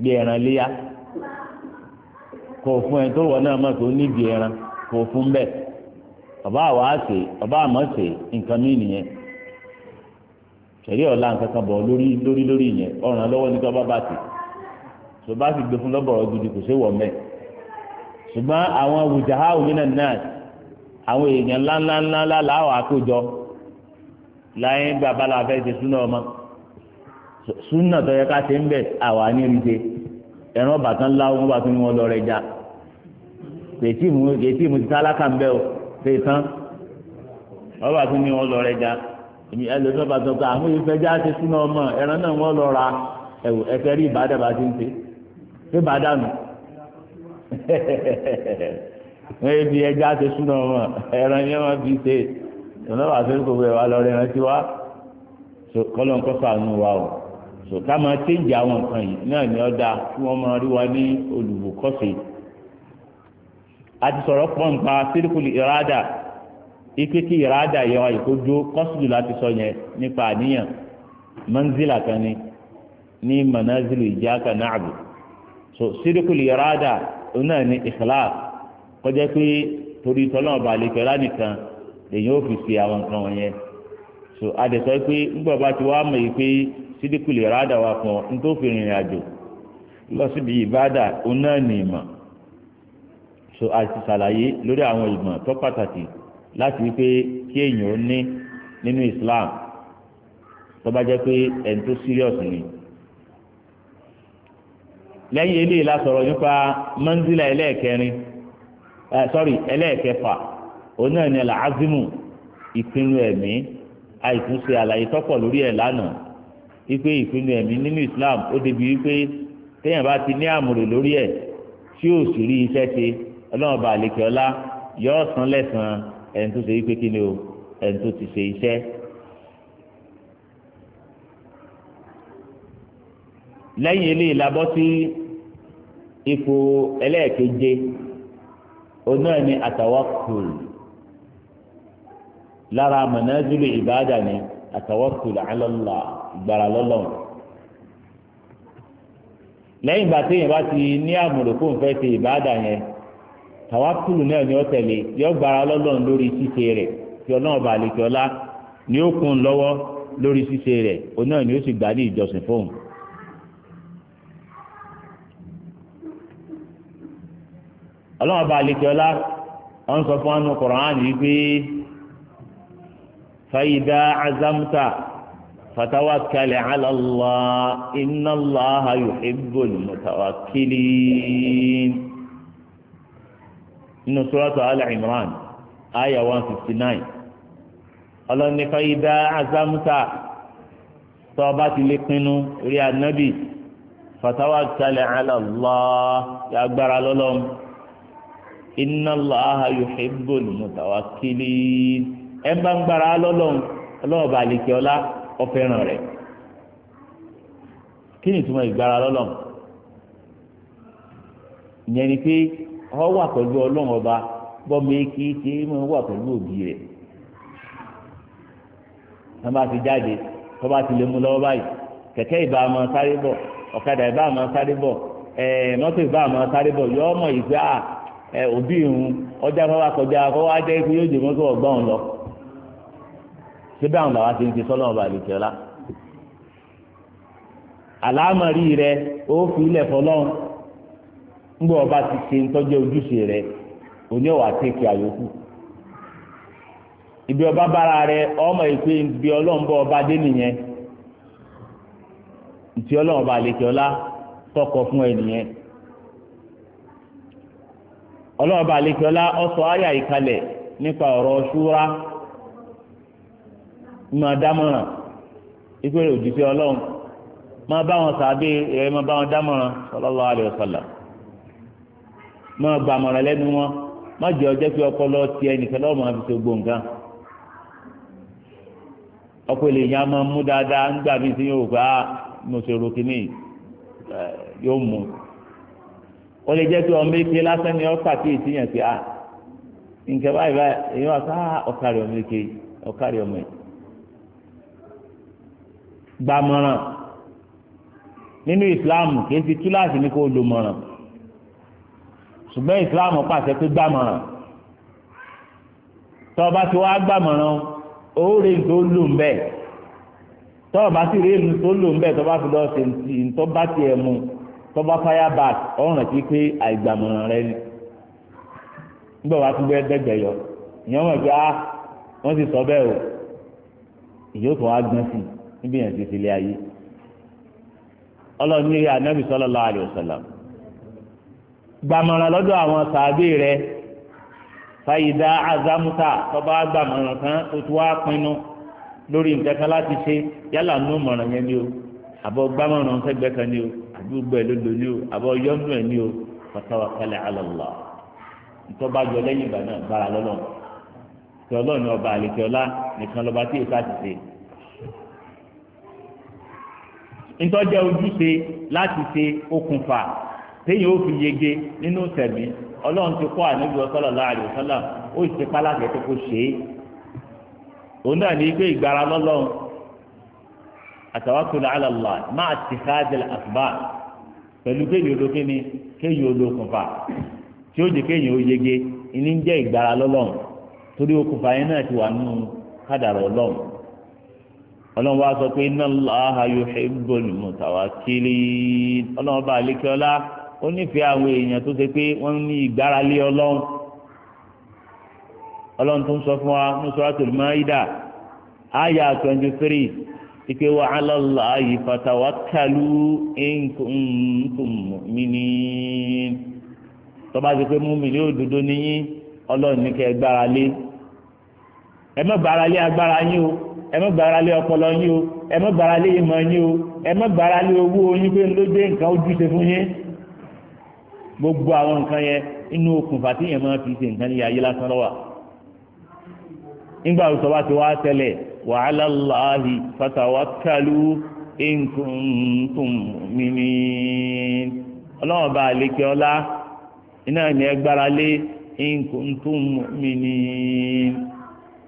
bí ẹran léyà kò fún ẹ tó wọ náà mọ̀ tó nídìí ẹran kò fún bẹ́ẹ̀ ọba àwa ṣe ọba àmọ́ ṣe nǹkan mí nìyẹn sẹ̀ríà ọ̀la nǹkan kan bọ̀ lórí lórí lórí yẹn ọ̀ràn lọ́wọ́ ní tọ́ba bá ti tó bá ti gbé fún lọ́bọ̀rọ̀ gidi kò ṣe wọ̀ mẹ́ ṣùgbọ́n àwọn wùjáhà òmìnira náà àwọn èèyàn ńláńláńlá láwọn àkójọ láyé bàbá la fẹ́ ṣe súnà ọmọ súnà tó yẹ ká ṣe ń bẹ̀ àwa ní ẹran bàtán láwọn wọn bá tún ní wọn lọ rẹ já kèétí mu kèétí mu ti tálákà ń bẹ o ṣe tán wọn bá tún ní wọn lọ rẹ èmi àwọn ṣe súnà ọmọ ẹran náà wọn lọ ra rí ti ń ṣe ṣé ṣe súnà ọmọ ẹran yẹn wọn fi ṣe. ìrànlọ́wọ́ àti gbogbo ẹ̀wà lọ rẹ̀ rántí wá kọ́lọ́ nǹkan fàánù wa o so ká máa téèjì àwọn nǹkan yìí náà ni ó kí wọ́n máa rí wa ní olùbùkọ́sẹ̀ a ti sọ̀rọ̀ pọ̀ nípa síríkùlì ìrádà ike kí ìrádà yẹ wa yìí kó dúró kọ́sùdù láti sọ yẹn nípa àníyàn manzila kan ni ní manazilu iyyaka na'budu so síríkùlì ìrádà náà ni ikhlas kọjá pé torí tọ́lọ́mọba àlekẹ́rá nìkan èyàn ò fi àwọn nǹkan so adẹsọ pé ńgbà ti wá mọ̀ yìí pé sídìkùlì ràdà wà fún ọ nítòfin àjò lọ síbi ìbádà òun náà ní ìmọ̀ so àti ṣàlàyé lórí àwọn ìmọ̀ tó pàtàkì láti kí ó ní nínú Islam tó bá jẹ́ pé ni lẹ́yìn la nípa ẹlẹ́ẹ̀kẹrin òun náà ni làázìmù ìpinnu ẹ̀mí àìtúnṣe àlàyé tọ́pọ̀ lórí ẹ̀ lánàá wípé ìpinnu ẹ̀mí nínú Islam ó débi wípé téèyàn bá ti ní àmúrè lórí ẹ̀ tí ò sì rí iṣẹ́ ṣe ọlọ́run bá àlekè ọlá yọ san lẹ́sàn-án ẹni tó ṣe wípé kí o ẹni tó ti ṣe iṣẹ́. lẹ́yìn eléyìí la bọ́ sí ipò ẹlẹ́ẹ̀keje òun náà ni àtàwákkùl. lára mọ̀nàdúlù ìbáàdà ni àtàwọ́kùlù alọ́lá ìgbàrà lọ́lọ́run lẹ́yìn ìgbà téèyàn bá ti ní àmọ̀rò kó fẹ́ ṣe náà ni ó tẹ̀lé yọ gbàrà lọ́lọ́run lórí ṣíṣe rẹ̀ kí ọlọ́run bá kí ọlá ni ó kún un lọ́wọ́ lórí ṣíṣe rẹ̀ òun náà ni ó sì gbà ní ìjọsìn fóun. ọlọ́run fàyídà azamta fatawakkal ala Allah inna Allaha yuhibbul mutawakkilin nínú suratu Al-Imran aya one fifty nine ọlọ́ni fàyídà azamta tọ́ba ti lè pinnu rí anábì fatawakkal ala Allah yàgbára lọ́lọ́mù inna Allaha yuhibbul mutawakkilin. ẹ bá ń gbára lọ́lọ́run ọlọ́run bá lè ọlá ọ̀fẹ́ràn rẹ̀ kí ni ni pé ọ wà pẹ̀lú ọba bọ́mi kéèké mọ̀ wà pẹ̀lú òbí rẹ̀ wọ́n bá ti jáde tó bá ti lè mú lọ́wọ́ báyìí kẹ̀kẹ́ ìbá máa sáré bọ̀ ọ̀kadà ìbá máa sáré bọ̀ ẹ̀ẹ́ mọ́tò ìbá sáré bọ̀ yọ síbẹ̀ àwọn làwọn ti ń ti sọ́lọ́ ọba ala ọ̀la àlámọ̀rí rẹ ó fi ilẹ̀ fọlọ́run ńgbọ́ ọba ti ṣe ńtọ́jú ojúṣe rẹ òní ọ̀wà tẹ́kì àyókù ibi ọba bára rẹ ọmọ ìpè ibi ọlọ́ọ̀nbọ ọba dé nìyẹn ìtì ọlọ́ọ̀nba àlejò ọlá fún ẹ nìyẹn àlejò ìkalẹ̀ nípa ọ̀rọ̀ máa dámọ̀ràn ìpèrè òjìṣẹ́ ọlọ́run ma bá wọn sàbí ẹ ma bá wọn dámọ̀ràn sallallahu alaihi ma máa gbàmọ̀ràn lẹ́nu wọn má jẹ́ ọjọ́ pé ọpọlọ ti ẹnìkan lọ́wọ́ máa fi ṣe gbó nǹkan ọ̀pọ̀ èlèyàn á máa mú dáadáa nígbà sí yóò ah, eh, yóò mú lè jẹ́ pé ọmọ lásán ni yẹn pé a ah, nǹkan báyìí báyìí èyí wà sá ah, gbàmọ̀ràn nínú ìsìláàmù kìí fi túláàsì ní kó o lò mọ̀ràn ṣùgbọ́n ìsìláàmù pàṣẹ pé gbàmọ̀ràn tọ́ ọba tí wàá gbàmọ̀ràn ó rè tó lò ń bẹ̀ tọ́ ọba sì rè tó lò ń bẹ̀ tọ́ bá fi lọ ṣe ntọ́ bá tiẹ̀ mu tọ́ bá fáyà bá ọ̀ràn sí pé àìgbàmọ̀ràn rẹ ni nígbà wàá tún bẹ́ẹ̀ dẹ́gbẹ̀ yọ ìyẹn wọ̀ pé ah wọ́n ti sọ bẹ́ẹ̀ o ìyóò tó wá gbọ́n sí i níbi yẹn ti tilé ayé ọlọ́run ní anábì sallallahu alaihi wasallam gbàmọ̀ràn lọ́dọ̀ àwọn sàábì rẹ fàyídà azamuta tọ́ba gbàmọ̀ràn kan tó tó wá pinnu lórí nǹkan kan láti ṣe yálà nù mọ̀ràn yẹn ni o àbọ̀ gbàmọ̀ràn fẹ́gbẹ́ kan ni o àdúgbò ẹ̀ lódò ni o àbọ̀ yọ́nù ẹ̀ ni o fatawakkal ala Allah ìtọ́ba jọ lẹ́yìn ìgbà náà gbára lọ́lọ́ tí ọlọ́run ọba àlèkè ọlá nìkan lọ́ba tí èso ntọ́jẹ́ ojúṣe láti ṣe okùnfà téèyàn ó fi yege nínú tẹ̀mí ọlọ́run ti kọ́ ànábi ọ̀sọ́lọ̀ láàrin ọ̀sọ́lọ̀ ó ṣe pálákẹ́ tó kó ṣe é òun náà ní pé ìgbára lọ́lọ́run àtàwákùnrin alàlá máa ti káàdìlà àtúbà pẹ̀lú ni kéèyàn olókùnfà tí ó jẹ́ kéèyàn ó yege ìní ń jẹ́ ìgbára lọ́lọ́run torí okùnfà yẹn náà ti wà nínú ọlọ́run wá sọ pé inna Allaha yuhibbul mutawakkilin ọlọ́run bá alékeọ́lá ó nífẹ̀ẹ́ àwọn èèyàn tó ṣe pé wọ́n ní ìgbáralé ọlọ́run ọlọ́run tó ń sọ fún wa Maida àyà twenty three wa ala Allahi fatawakkalu in kuntum mu'minin ṣe pé níyìn ọlọ́run ní kẹ́ gbáralé ẹ má lé ọpọlọ yín o ẹ má gbára lé ìmọ̀ yín o ẹ má lé owó pé ló gbogbo àwọn nǹkan yẹn inú okùnfà tí yẹn máa fi ṣe nǹkan ní ayé lásán lọ́wọ́ ti wá tẹ́lẹ̀ wa ala Allahi fatawakkalu in kuntum ọlọ́wọ́n bá àlékè ọlá iná lé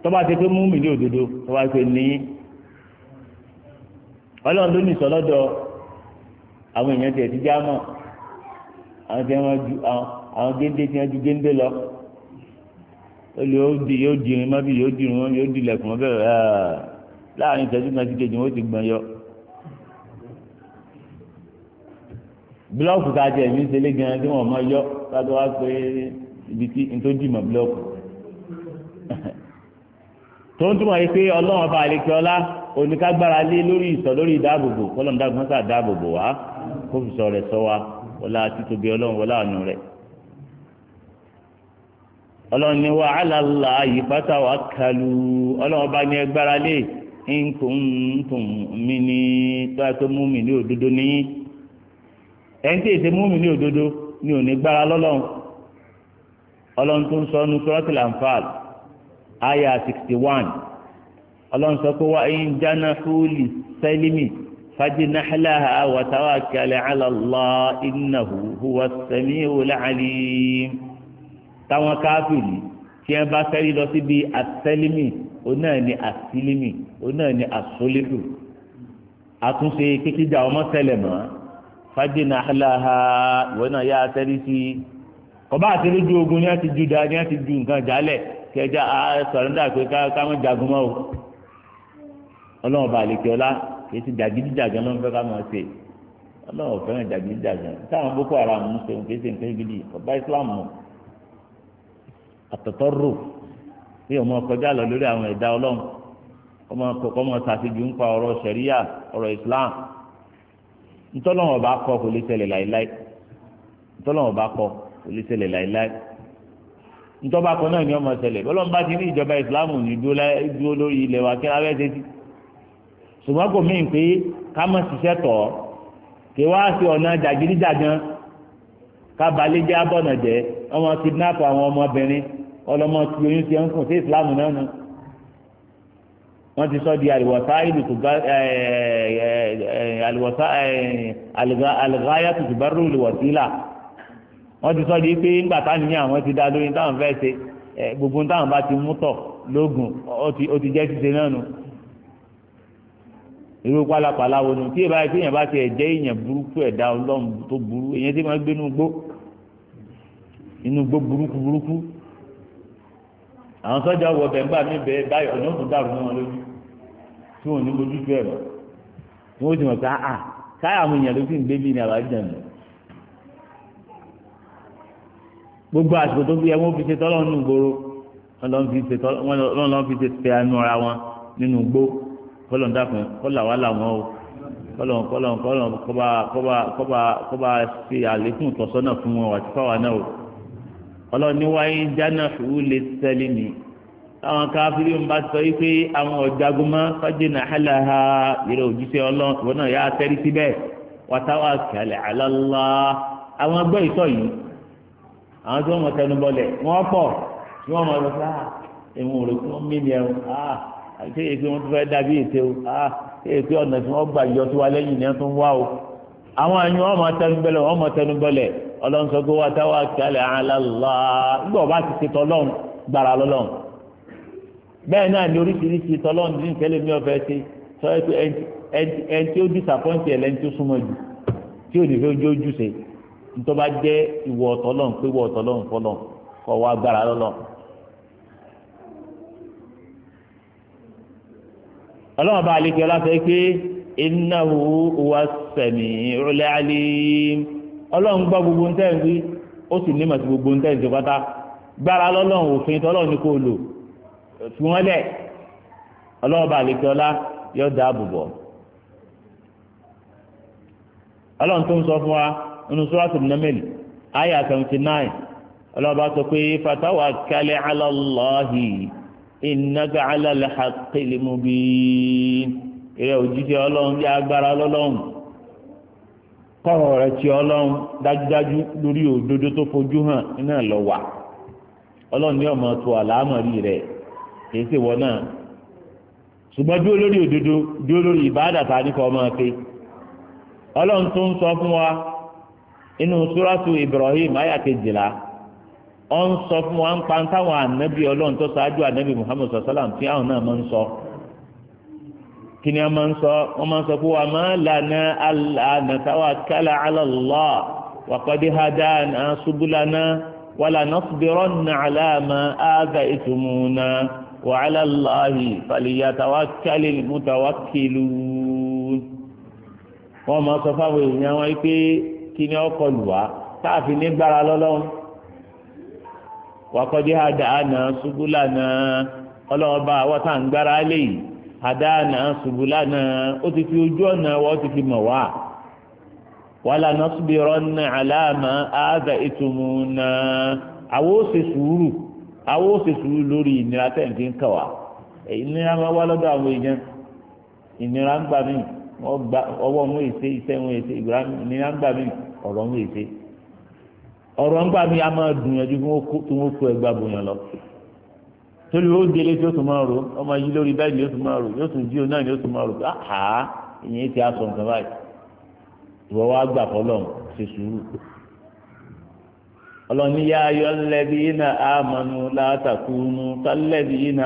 tọ́ba ti pé múmi ní òdodo tọ́ba ti pé níyìn ọlọ́run ló ní ìsọlọ́dọ̀ àwọn èèyàn tiẹ̀ ti já mọ̀ àwọn tí wọ́n ju àwọn géńdé tí wọ́n ju géńdé lọ olè yóò di yóò di irin mọ́bí yóò di irin mọ́bí yóò di ilẹ̀kùn mọ́bí rẹ̀ ah, láàrin ìtẹ́jú kan sí kejì wọ́n ti gbọ̀n yọ. búlọ́ọ̀kù tá a jẹ ẹ̀mí ṣe lé tí wọ́n mọ yọ ká tó wá pé ibi tí n tó dì tó ń túmọ̀ yìí pé ọlọ́run ọba àlekẹ́ ọlá oníkágbára lé lórí ìsọ lórí ìdáàbòbò kọ́lọ́n dáàbòbò sá dáàbòbò wá kó fi sọ rẹ̀ sọ wa wọlá títóbi ọlọ́run wọlá àánú rẹ̀ ọlọ́run ni wà álàlá yìí pátá wà kálù ọlọ́run ọba ní ẹgbára lé nǹkan nǹkan mi ní tọ́lá tó mú mi ní òdodo ní ẹni tí èsè mú mi ní òdodo ní gbára lọ́lọ́run ọlọ́run tó ń sọ ọ́nù sọ́ọ́tì làǹfààní aya sixty one ọlọ́run sọ pé wá ẹyin jáná húlì sẹ́límì fàjìnnà hàlàhà wàtàwà kẹlẹ̀ àlàlá ìnáhù hùwà sẹ́mi òlàlí. táwọn káfíìrì tí ẹ bá sẹ́rí lọ síbi àsẹ́límì òun náà ni àsílímì òun náà ni àsólífù àtúnṣe kékeré ọmọ sẹlẹ̀ mọ́ fàjìnnà hàlàhà ìwọ náà yá sẹ́rí sí i kọ́bá àti lójú ogun ni wọ́n ti ju da ni wọ́n ti ju nǹkan jálẹ̀ kẹjá sọ̀rọ̀ndà pé káwọn jagun mọ́ o ọlọ́run bá lè kí ọlá kì í ti jàgídíjàgan ló ń fẹ́ ká máa ṣe ọlọ́run fẹ́ràn jàgídíjàgan táwọn boko haram ń ṣe òun kì í ṣe nǹkan gidi ọba islam àtọ̀tọ̀ rò bí ọmọ kọjá lọ lórí àwọn ẹ̀dá ọlọ́run ọmọ kọ̀ọ̀kan ọmọ ṣàṣejù ń pa ọ̀rọ̀ sẹ̀ríyà ọ̀rọ̀ islam ntọ́lọ́run ọba kọ kò lè ṣẹlẹ̀ láìláì ntọ́lọ́run ọba kọ kò lè ṣẹlẹ̀ láìláì ntọ́ba kan náà ni ọmọ ṣẹlẹ̀ bọ́lọ́n bá ti ní ìjọba ìsìláàmù ní dúró lórí ilẹ̀ wa kí abẹ́ ṣe sí ṣùgbọ́n kò mí pé ká mọ̀ ṣiṣẹ́ tọ̀ kí wá sí ọ̀nà jàgídíjàgan ká balẹ̀ jẹ́ abọ́nà jẹ́ ọmọ kidnap àwọn ọmọbìnrin ọlọmọ tí oyún ti ń kùn sí ìsìláàmù náà nù wọ́n ti sọ di àlùwọ̀sá ìlú tùbá àlùwọ̀sá àlùgáyà tùbárù ìlú wọ̀sílà wọ́n ti sọ di pé ńgbà táwọn ní àwọn ti dá lórí táwọn fẹ́ ṣe gbogbo táwọn bá ti mú tọ̀ lóògùn ó ti jẹ́ ṣíṣe náà nù irú pálapàla wo nù tí èèyàn bá ti èèyàn bá ti ẹ̀jẹ̀ èèyàn burúkú ẹ̀dá ọlọ́run tó burú èèyàn ti máa gbé inú gbó inú gbó burúkú burúkú àwọn sọ́jà wọ bẹ̀ ńgbà mí bẹ́ẹ̀ báyọ̀ ọ̀nà òtún dàrú mọ́ lójú tí wọn ò ní mójútó ẹ̀ mọ́ wọn ó ti mọ̀ ká káyà àwọn èèyàn ló fi ń gbé bí ní àbájáde gbogbo àsìkò tó fi yẹ wọ́n fi ṣe tọ́lọ́ nínú gbòòrò wọ́n lọ́ fi ṣe tẹ ẹnu ara wọn nínú gbó kọ́lọ̀ ń dàkún kọ́lọ̀ wà láwọn o kọ́lọ̀ kọ́lọ̀ kọ́lọ̀ kọ́ba kọ́ba kọ́ba kọ́ba ṣe àlékún tọ́sọ́nà fún wọn àti fáwọn náà o ọlọ́ni wáyé jáná fìwú lè sẹ́lẹ̀ ni àwọn káfíìrì ń bá sọ wípé àwọn ọ̀jagun mọ́ fájìnà hàlàhà yẹrẹ òjíṣẹ́ ọlọ́run ìwọ náà yà á síbẹ̀ wàtáwà kàlẹ̀ àlọ́lá àwọn ẹgbẹ́ ìtọ́ yìí àwọn tí wọ́n mọ̀ tẹnu bọlẹ̀ wọ́n pọ̀ tí wọ́n mọ̀ lọ sí ah ìwọ̀n òrò tí wọ́n mí ni ẹ o ah àti èyí pé wọ́n ti fẹ́ dàbí ète o ah èyí pé ọ̀nà tí wọ́n gbà yọ sí wa lẹ́yìn ni wọ́n tún wá o àwọn àyìn wọn mọ̀ tẹnu bọlẹ̀ wọn mọ̀ tẹnu bọlẹ̀ ọlọ́nsọ́gbó wa táwa kálẹ̀ alálà nígbà wọn bá ti ṣe tọ́lọ́n gbàrà lọ́lọ́n bẹ́ẹ̀ náà ni oríṣiríṣi tọ́lọ́n ní ìkẹ́lẹ̀ mi ọ̀fẹ́ ṣe sọ ẹ tí ó disapọ́ǹtì ẹ̀ lẹ́ni tó súnmọ́ jù tí ò ní fẹ́ ojú ojú ntọ́ba jẹ́ ìwọ ọ̀tọ́lọ́n pé ìwọ ọ̀tọ́lọ́n fọlọ́n kọ́ wa gbára lọ́lọ́. ọlọ́run bá àlejò ọlọ́fẹ́ pé innahu huwa as-sami'ul 'alim ọlọ́run gbọ́ gbogbo ntẹ́ ń wí ó sì ní màtí gbogbo ntẹ́ ń ṣe pátá gbára lọ́lọ́run òfin tọ́lọ́run ni kò lò fi wọ́n lẹ̀ ọlọ́run bá àlejò ọlá yóò dáàbò bọ̀ ọlọ́run tó ń sọ fún wa. nínú sọ́wọ́sì nàmẹ́lì àyà seventy nine ọlọ́ba sọ pé fatawakkal ala Allahi innaka ala al-haqqil mubin ìrẹ́ òjíṣẹ́ ọlọ́run yá agbára lọ́lọ́run kọ́rọ̀ rẹ̀ ti ọlọ́run dájúdájú lórí òdodo tó fojú hàn iná lọ wà ọlọ́run ní ọmọ tó àlámọ̀rí rẹ̀ kìí náà ṣùgbọ́n dúró lórí òdodo dúró lórí ìbáàdà tá a ní kọ́ ọmọ pé ọlọ́run tó ń sọ fún wa inú súrátù Ibrahim àyà kejìlá ọ ń sọ fún wa ń pa táwọn ànábì ọlọ́run tó ṣáájú ànábì Muhammad sallam tí àwọn náà máa ń sọ kí ni a máa ń sọ wọ́n máa ń sọ fún wa ma lana alla natawakkala ala Allah wa qad hadana subulana wala nasbiranna ala ma azaitumuna wa ala Allahi falyatawakkalil mutawakkilun wọ́n máa sọ fáwọn èèyàn wọn pé. kini ni ọkọ lù wá táàfi lọ́lọ́run wàkọ́dé àdáàna ṣubúlànà ọlọ́ọ̀bá àwọn ń gbára lé yìí ṣubúlànà ó ti fi ojú ọ̀nà wọ́n ti fi mọ̀ wá wàlà nasbiranna àlàmà àádà ìtumùnà àwọn ó sùúrù àwọn ó sùúrù lórí ìnira tẹ̀ǹtì ń kà wá ìnira máa wá lọ́dọ̀ àwọn èèyàn ìnira wọ́n gba ọwọ́ wọn èsè iṣẹ́ wọn èsè ìgbà nínú àgbà mi ọ̀rọ̀ wọn èsè ọ̀rọ̀ ńgbà mi a máa dùnyànjú tí wọ́n kó lọ torí ó délé tí ó tún máa rò ọmọ yìí lórí bẹ́ẹ̀ni yóò tún máa rò yóò tún jí òun náà tún máa rò ìyẹn ti nǹkan báyìí ìwọ wá gbà fọlọ́ ṣe sùúrù ọlọ́ni yá ayọ́ ńlẹ́bí iná àmọ́nú tálẹ́bí iná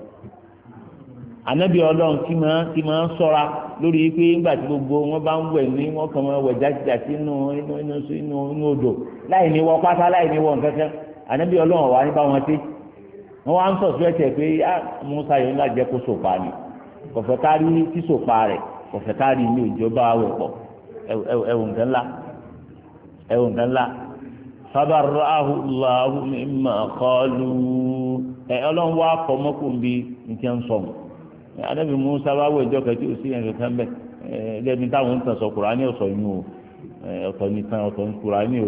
anabi Ọlọ́run tí máa tí máa ṣọ́ra lórí pé ńgbà tí gbogbo wọn bá ń wẹ̀ ní wọn kàn máa wẹ̀ jákèjádé inú inú inú inú inú odò láì ní wọ pátá láì ní wọ nǹkankan anabi Ọlọ́run wà ní bá wọn ti wọn wá ń sọsọ ẹsẹ pé a ah, musa yìí ńlá jẹ kó sopa ni kọfẹ kárí tí sopa rẹ kọfẹ kárí ní ìjọba awẹ pọ ẹwù nǹkan ńlá ẹwù nǹkan ńlá sábàrọ ahùlọ ahùmí mà kọlu ẹ Ọlọ́run wá fọmọkùnrin bíi nǹkan anábì musa wá wọ ìjọ kẹtí òsì yẹn kankan bẹ lẹni táwọn ń tàn sọ kùránì ọ̀sọ̀ yìí o ọ̀tọ̀ ní tàn ọ̀tọ̀ ní kùránì o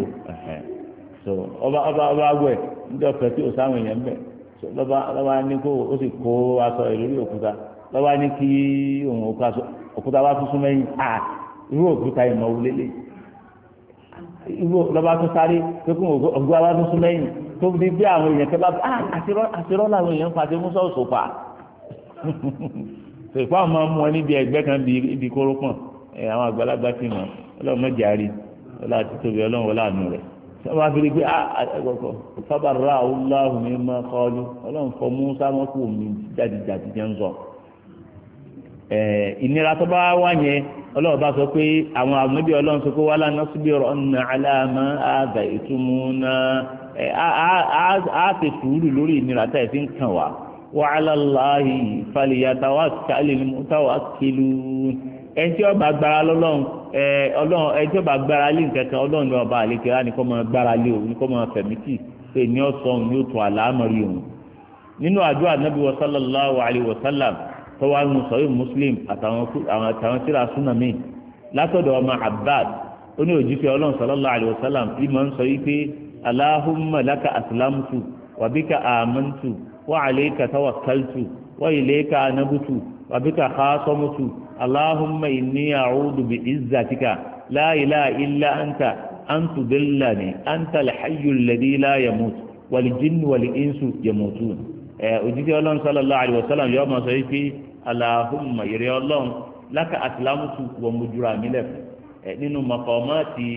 so ọba ọba ọba wẹ ìjọ kẹtí òsì àwọn èèyàn bẹ lọba lọba ní kó o sì kó aṣọ ìlórí òkúta lọba ní kí òun òkúta a irú òkúta ìmọ̀ wọlélẹ̀ irú lọba tó sáré pé òkúta wá tuntun mẹ́yìn tó fi bí àwọn èèyàn sèpá ọmọ mú ọ níbi ẹgbẹ́ kan ibi kóró pọ̀n àwọn àgbàlagbà ti mọ̀ ọlọ́run rí àti tóbi wọlé àwọn ah, ah, sọ pé wà síbi àgbà náà á á á lórí ìnira fi ń kàn wá. wa ala Allahi falyatawakkalil mutawakkilun ẹni tí ó bá gbára lọ́lọ́run ẹ ọlọ́run ẹni tí ó bá gbára lé nǹkan kan ọlọ́run ní ọba àlekè rá ní kó máa gbára lé òun ní kó máa fẹ̀mí tì pé ní ọ̀sán òun yóò tún àlámọ̀rí òun nínú àdúrà Ànábì wa sallallahu alayhi wa sallam tọ́wọ́ àwọn sọ̀rọ̀ Muslim àtàwọn tíra súnà látọ̀dọ̀ ọmọ Abbas ó ní òjíṣẹ́ ọlọ́run sallallahu alayhi wa sallam ìmọ̀ ń sọ yí pé Allahumma laka aslamtu wa bika amantu وعليك توكلت وإليك أنبت وبك خاصمت اللهم إني أعوذ بعزتك لا إله إلا أنت أن تضلني أنت الحي الذي لا يموت والجن والإنس يموتون òjijì ọlọ́run sallallahu alaihi wasallam yóò máa sọ yìí pé Allahumma ìrẹ́ ọlọ́run laka àtìlámùtù wọ mojúra mi lẹ́fù nínú maqamati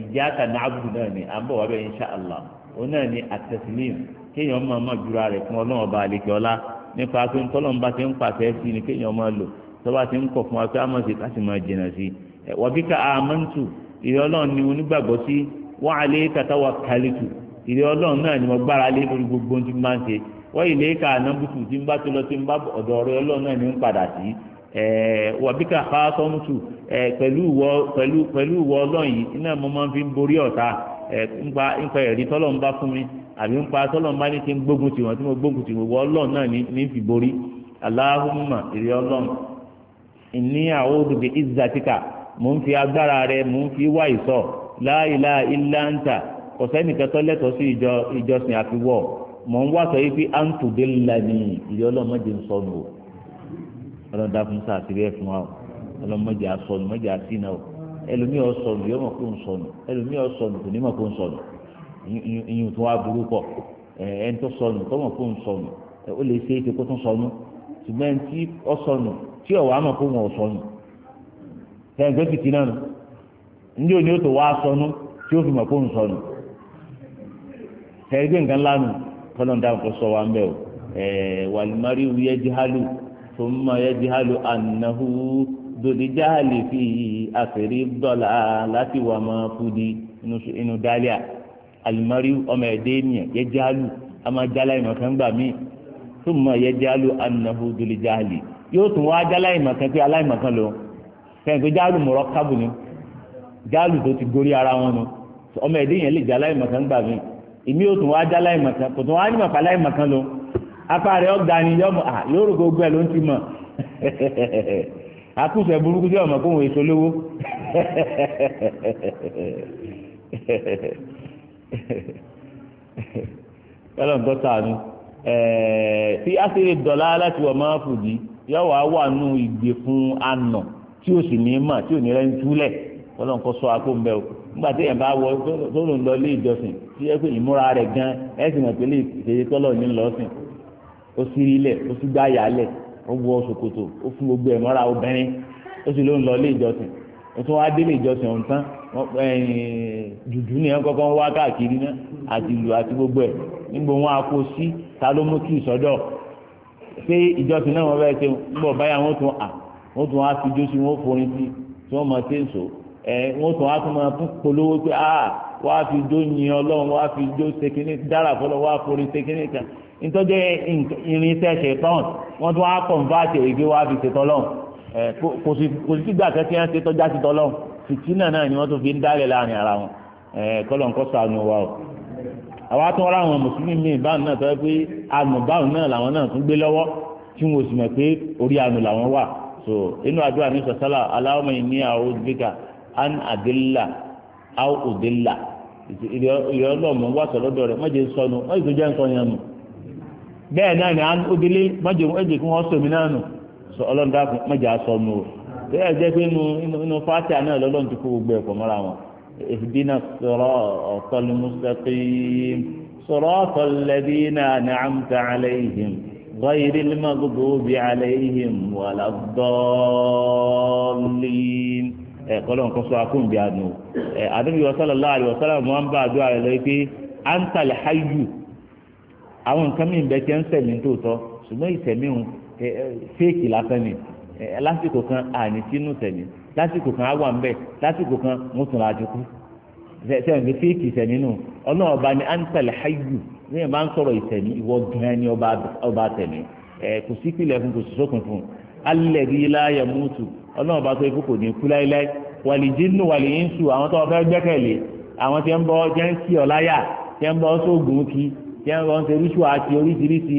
iyyaka na'budu náà ni à ń bọ̀ wá bẹ́ẹ̀ insha Allah òun náà ni at-taslim kéèyàn máa ma jura rẹ fún ọba àlekè ọlá nípa pé bá ti ń pàṣẹ sí ni kéèyàn máa lò tọ́ba ti ń kọ̀ fún wa pé a máa ṣe máa sí i ká ìrẹ́ ọlọ́run ni sí wọ́n alẹ́ ìrẹ́ ọlọ́run náà ni gbára lé lórí gbogbo tí ń ṣe wọ́n ká tí ń bá tó lọ ń bá ọ̀dọ̀ ọ̀rẹ́ ọlọ́run náà ni ń padà sí ká fásọ́mùtù pẹ̀lú ìwọ ọlọ́run yìí àbí ń pa sọ́lọ́n bá ní ti ń gbógun tì wọ́n tí mo gbógun tì wọ́n wọ́n ọlọ́run náà ní fi borí aláhùnmá èrè ọlọ́run ìní àwọn òdòdó ìzàtìkà mò ń fi agbára rẹ mò ń fi wá ìsọ láìlá ilá ń tà kò sẹ́nìkan tó lẹ́tọ̀ọ́ sí ìjọ ìjọsìn àfiwọ́ mò ń wá sọ yìí pé à ń tùdé ńlá ni èrè ọlọ́run mọ́jẹ ń sọnù o ọlọ́run dá fún sáà síbẹ̀ fún wa o ọlọ́run mọ́jẹ àsọnù mọ́jẹ àsínà o ẹlòmíì ọ̀sọnù yọ iyùn tó wá burú pọ̀ ẹni tó sọnù tọmọ kó ń sọnù ó lè ṣe é ṣe kó tún sọnù ṣùgbọ́n ẹni tí ọ sọnù tí ọ̀wá àmọ̀ kó wọn ò sọnù fẹ́ǹgbẹ́ pìtì náà nù ndí òní ó tó wá sọnù tí ó fi mọ̀ sọnù nǹkan lánàá dáhùn kó sọ wa ń bẹ̀ o wàlúmárì tó ń yẹ́ Dòdì fi alimariu ọmọ ẹdẹ ènìyàn ama jala ìmọ̀kan gbà gba mi yẹjẹ alu anahu dolija ali yóò tún wá jala ìmọ̀kan pé aláìmọ̀kan ni tó ti ara wọn nu jala ìmọ̀kan gbà mí èmi yóò tún wá jala ìmọ̀kan kò tún wá ní màkà aláìmọ̀kan lọ apá rẹ̀ ọ̀gá ni yóò gbogbo ẹ̀ ló ń ti kọ́lọ̀ nǹkan sànù tí àṣírí dọ̀lá láti wọ̀ máa fò yóò wá wà nù ìgbè fún ànà tí o sì ní mà tí ò ní rẹ̀ túlẹ̀ sọ akó mbẹ́ o nígbà tí yẹn bá wọ tó ń lọ ilé ìjọsìn tí gan sì mọ̀ pé lè tọ́lọ̀ ní lọ́sìn ó sì rí ó sì gbá ó wọ ṣòkòtò ó fún gbogbo ẹ̀ mọ́ra obìnrin ó sì ló ń lọ dùdú ni wọ́n kọ́kọ́ ń wá káàkiri náà àti ìlú àti gbogbo ẹ̀ nígbà wọn akó sí ta ló mú kí ìsọdọ̀ pé ìjọsìn náà wọ́n fẹ́ẹ́ ṣe ń bọ̀ báyà wọ́n tún à wọ́n tún á fi jó sí wọ́n forin sí tí wọ́n mọ̀ ṣe ń sọ ẹ̀ wọ́n tún á tún máa fún polówó pé a wàá fi jó yin ọlọ́run wàá fi jó sekínì dára fọlọ́ wàá forin sekínì kan nítorí irinṣẹ́ ṣetán wọ́n tún á kọ̀ǹfà àti èyí wàá fi ṣetán lọ́run kò sì kò sì sígbà kẹ́kẹ́ ṣetán já ṣetán fìtínà náà ni wọ́n tó fi ń dálẹ̀ láàrin ara wọn kọ́lọ̀ nǹkan sànù wa o àwa tó ra àwọn mùsùlùmí báwọn náà tọ́ pé àmọ̀ báwọn náà làwọn náà tún gbé lọ́wọ́ tí wọn ò sì mọ̀ pé orí làwọn wà so inú àdúrà ní an adilla wà sọ sọnù nsọ yẹn nù náà ni kí sọmi náà nù sọ bẹ́ẹ̀ jẹ́ pé inú fatiha náà lọ́lọ́run ti kó gbogbo ẹ̀kọ́ mọ́ra wọn ihdina siratal mustaqim siratal ladina an'amta alayhim ghayril maghdubi alayhim waladdallin ẹ̀kọ́ lọ́n kọ́ sọ akóńbi àdùn ẹ̀ àdúgbò yọ sallallahu alaihi mọ́ ń bá àdúrà rẹ̀ lọ pé antal hayyu àwọn nǹkan mìíràn bẹ́ẹ̀ ti ń sẹ̀mí tòótọ́ ṣùgbọ́n ìsẹ̀mí lásìkò kan àní sínú tẹ̀mí lásìkò kan á wà ń bẹ̀ lásìkò kan wọ́n tún láti kú sẹ́yìn fi fíìkì ìsẹ̀mí nù ọlọ́run ọba ni antal hayu ní ẹ̀ máa ń sọ̀rọ̀ ìsẹ̀mí ìwọ gan ni ọba tẹ̀mí ẹ̀ kò sí pìlẹ̀ fún kò sí sókun fún alladhi la yamutu ọlọ́run ọba tó ikú kò ní kú láéláé wàlì jinnu wàlì insu àwọn tó fẹ́ gbẹ́kẹ̀lé àwọn tí ń bọ́ jẹ́ ń kí ọ láyà tí ń bọ́ sóògùn kí tí ń bọ́ ń ṣe ríṣù àti oríṣiríṣi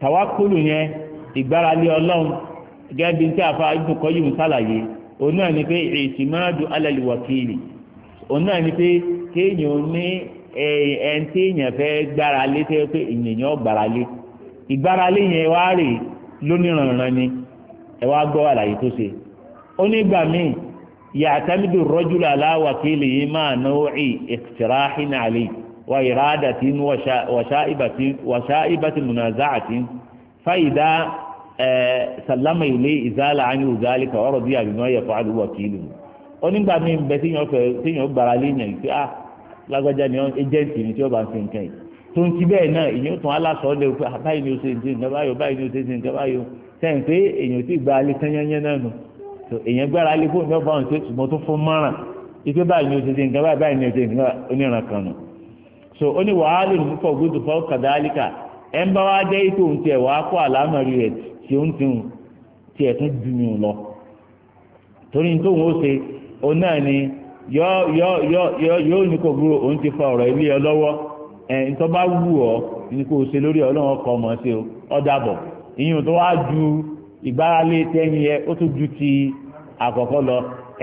tàwákùlù yẹn ìgbáralé ọlọ́run gẹ́gẹ́ bí tí àfa ìdúkọ́ yìí ń sàlàyé òun náà ni pé èsì máa dùn alẹ́ lè wọ̀kìlì òun náà ni pé kéèyàn ní ẹni tí èèyàn fẹ́ gbáralé tẹ́ pé èèyàn gbáralé ìgbáralé yẹn wá rè lóníranran ni ẹ wá gbọ́ àlàyé tó ṣe ó ní ìgbà míì yàtàmídùú rọ́júlù aláwàkìlì yìí máa náwó ì ìtìráhìn àlè yìí وإرادة وشائبة, وشائبة منازعة فإذا سلم إليه إزال عنه ذلك ورضي بما يفعل وكيله onígbà mi bẹ tíyàn fẹ tíyàn gbára léèyàn pé ah lágbájá ni ẹjẹǹtì ni tí ó bá ń ṣe nǹkan yìí tó ń ti bẹ́ẹ̀ náà èyàn tún aláṣọ lè pé ah, báyìí ni ó ṣe ń ṣe nǹkan báyìí báyìí ni ó ṣe ń ṣe nǹkan báyìí sẹ́yìn pé èyàn ti gba alẹ́ sẹ́yẹ́yẹ́ náà nù èyàn gbára lé fóònù náà báwọn ṣe ṣùgbọ́n tó fún mọ́ràn ipe báyìí ni ó ṣe ń ṣe nǹkan báyìí báyìí ni ó ṣe nǹkan oníran kan nù so ó ní wàhálì ń fọ gúdù fọ kàdálíkà ẹ ń bá wá jẹ́ ipò ń tiẹ̀ wàá kó àlámọ̀rí rẹ̀ tí ó ń tiun tiẹ̀ tún ju mi lọ torí ní tóun ó ṣe ni yọ yọ yọ yọ yóò ní kò ti fa ọ̀rọ̀ ilé ọ lọ́wọ́ ẹ̀ ń tọ́ bá wù ọ́ ní ọmọ ṣe ọ dàbọ̀ ìyẹn tó ju ìgbáralé tẹ́yìn yẹ ju ti lọ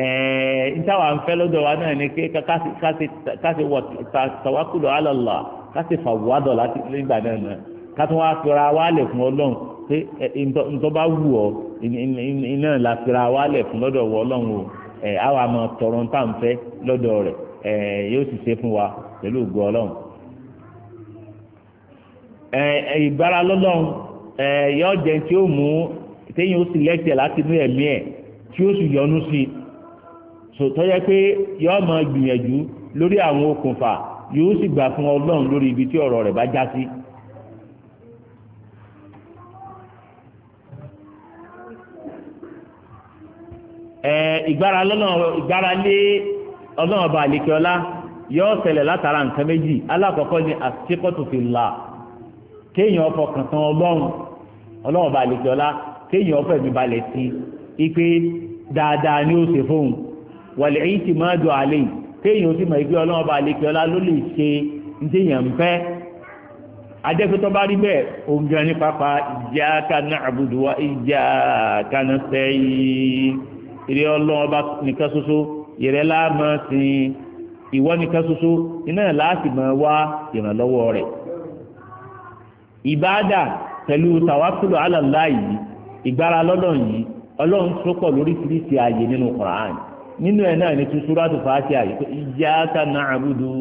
ẹ̀ẹ́ ntáwà ń fẹ́ lọ́dọ̀ wa náà ni pé káṣí wọ tàwákùlù alọ́lá káṣí fàwọ́dọ̀ láti nígbà náà náà káṣí afira wa lè fún ọlọ́run pé ntọ́ba wù ọ́ iná fira wa fún lọ́dọ̀ ọlọ́run o máa tọrọ ń fẹ́ lọ́dọ̀ rẹ̀ yóò sì ṣe fún wa pẹ̀lú ògùn ọlọ́run. ìbára lọ́lọ́run yọ tí ó mú téèyàn ó sì lẹ́tẹ̀ sòtọ́ yẹ pé yọ ọmọ gbìyànjú lórí àwọn okùnfà yóò sì gbà fún ọlọ́run lórí ibi tí ọ̀rọ̀ rẹ̀ bá já sí. ìgbára lé ọlọ́run ọba àlekè ọlá yóò ṣẹlẹ̀ látara nǹkan méjì alákọ̀ọ́kọ́ ni àtikọ́tù fi là kéèyàn fọkàn tán ọlọ́run ọlọ́run ọba àlekè ọlá kéèyàn fẹ̀mí balẹ̀ sí i pé dáadáa ni ó ṣe fóun. wàlẹ̀ eyi ti máa dùn àlè téèyàn sì mọ̀ ẹgbẹ́ ọlọ́wọ́ bá ló lè ṣe ní téèyàn ń bá rí bẹ́ẹ̀ oúnjẹ ní pápá iyyaka na'budu wa iyyaka nasta'in ìrẹ́ ọlọ́wọ́ bá nìkan ṣoṣo ìrẹ́ láàmú sin ìwọ nìkan ṣoṣo iná láti máa wá ìrànlọ́wọ́ rẹ̀ ìbáàdà pẹ̀lú tàwákùlù alàlá yìí ìgbára lọ́dọ̀ yìí ọlọ́run tó pọ̀ lóríṣiríṣi nínú ẹ̀ náà ni tún súrátù fàtíà yìí iyyaka na'budu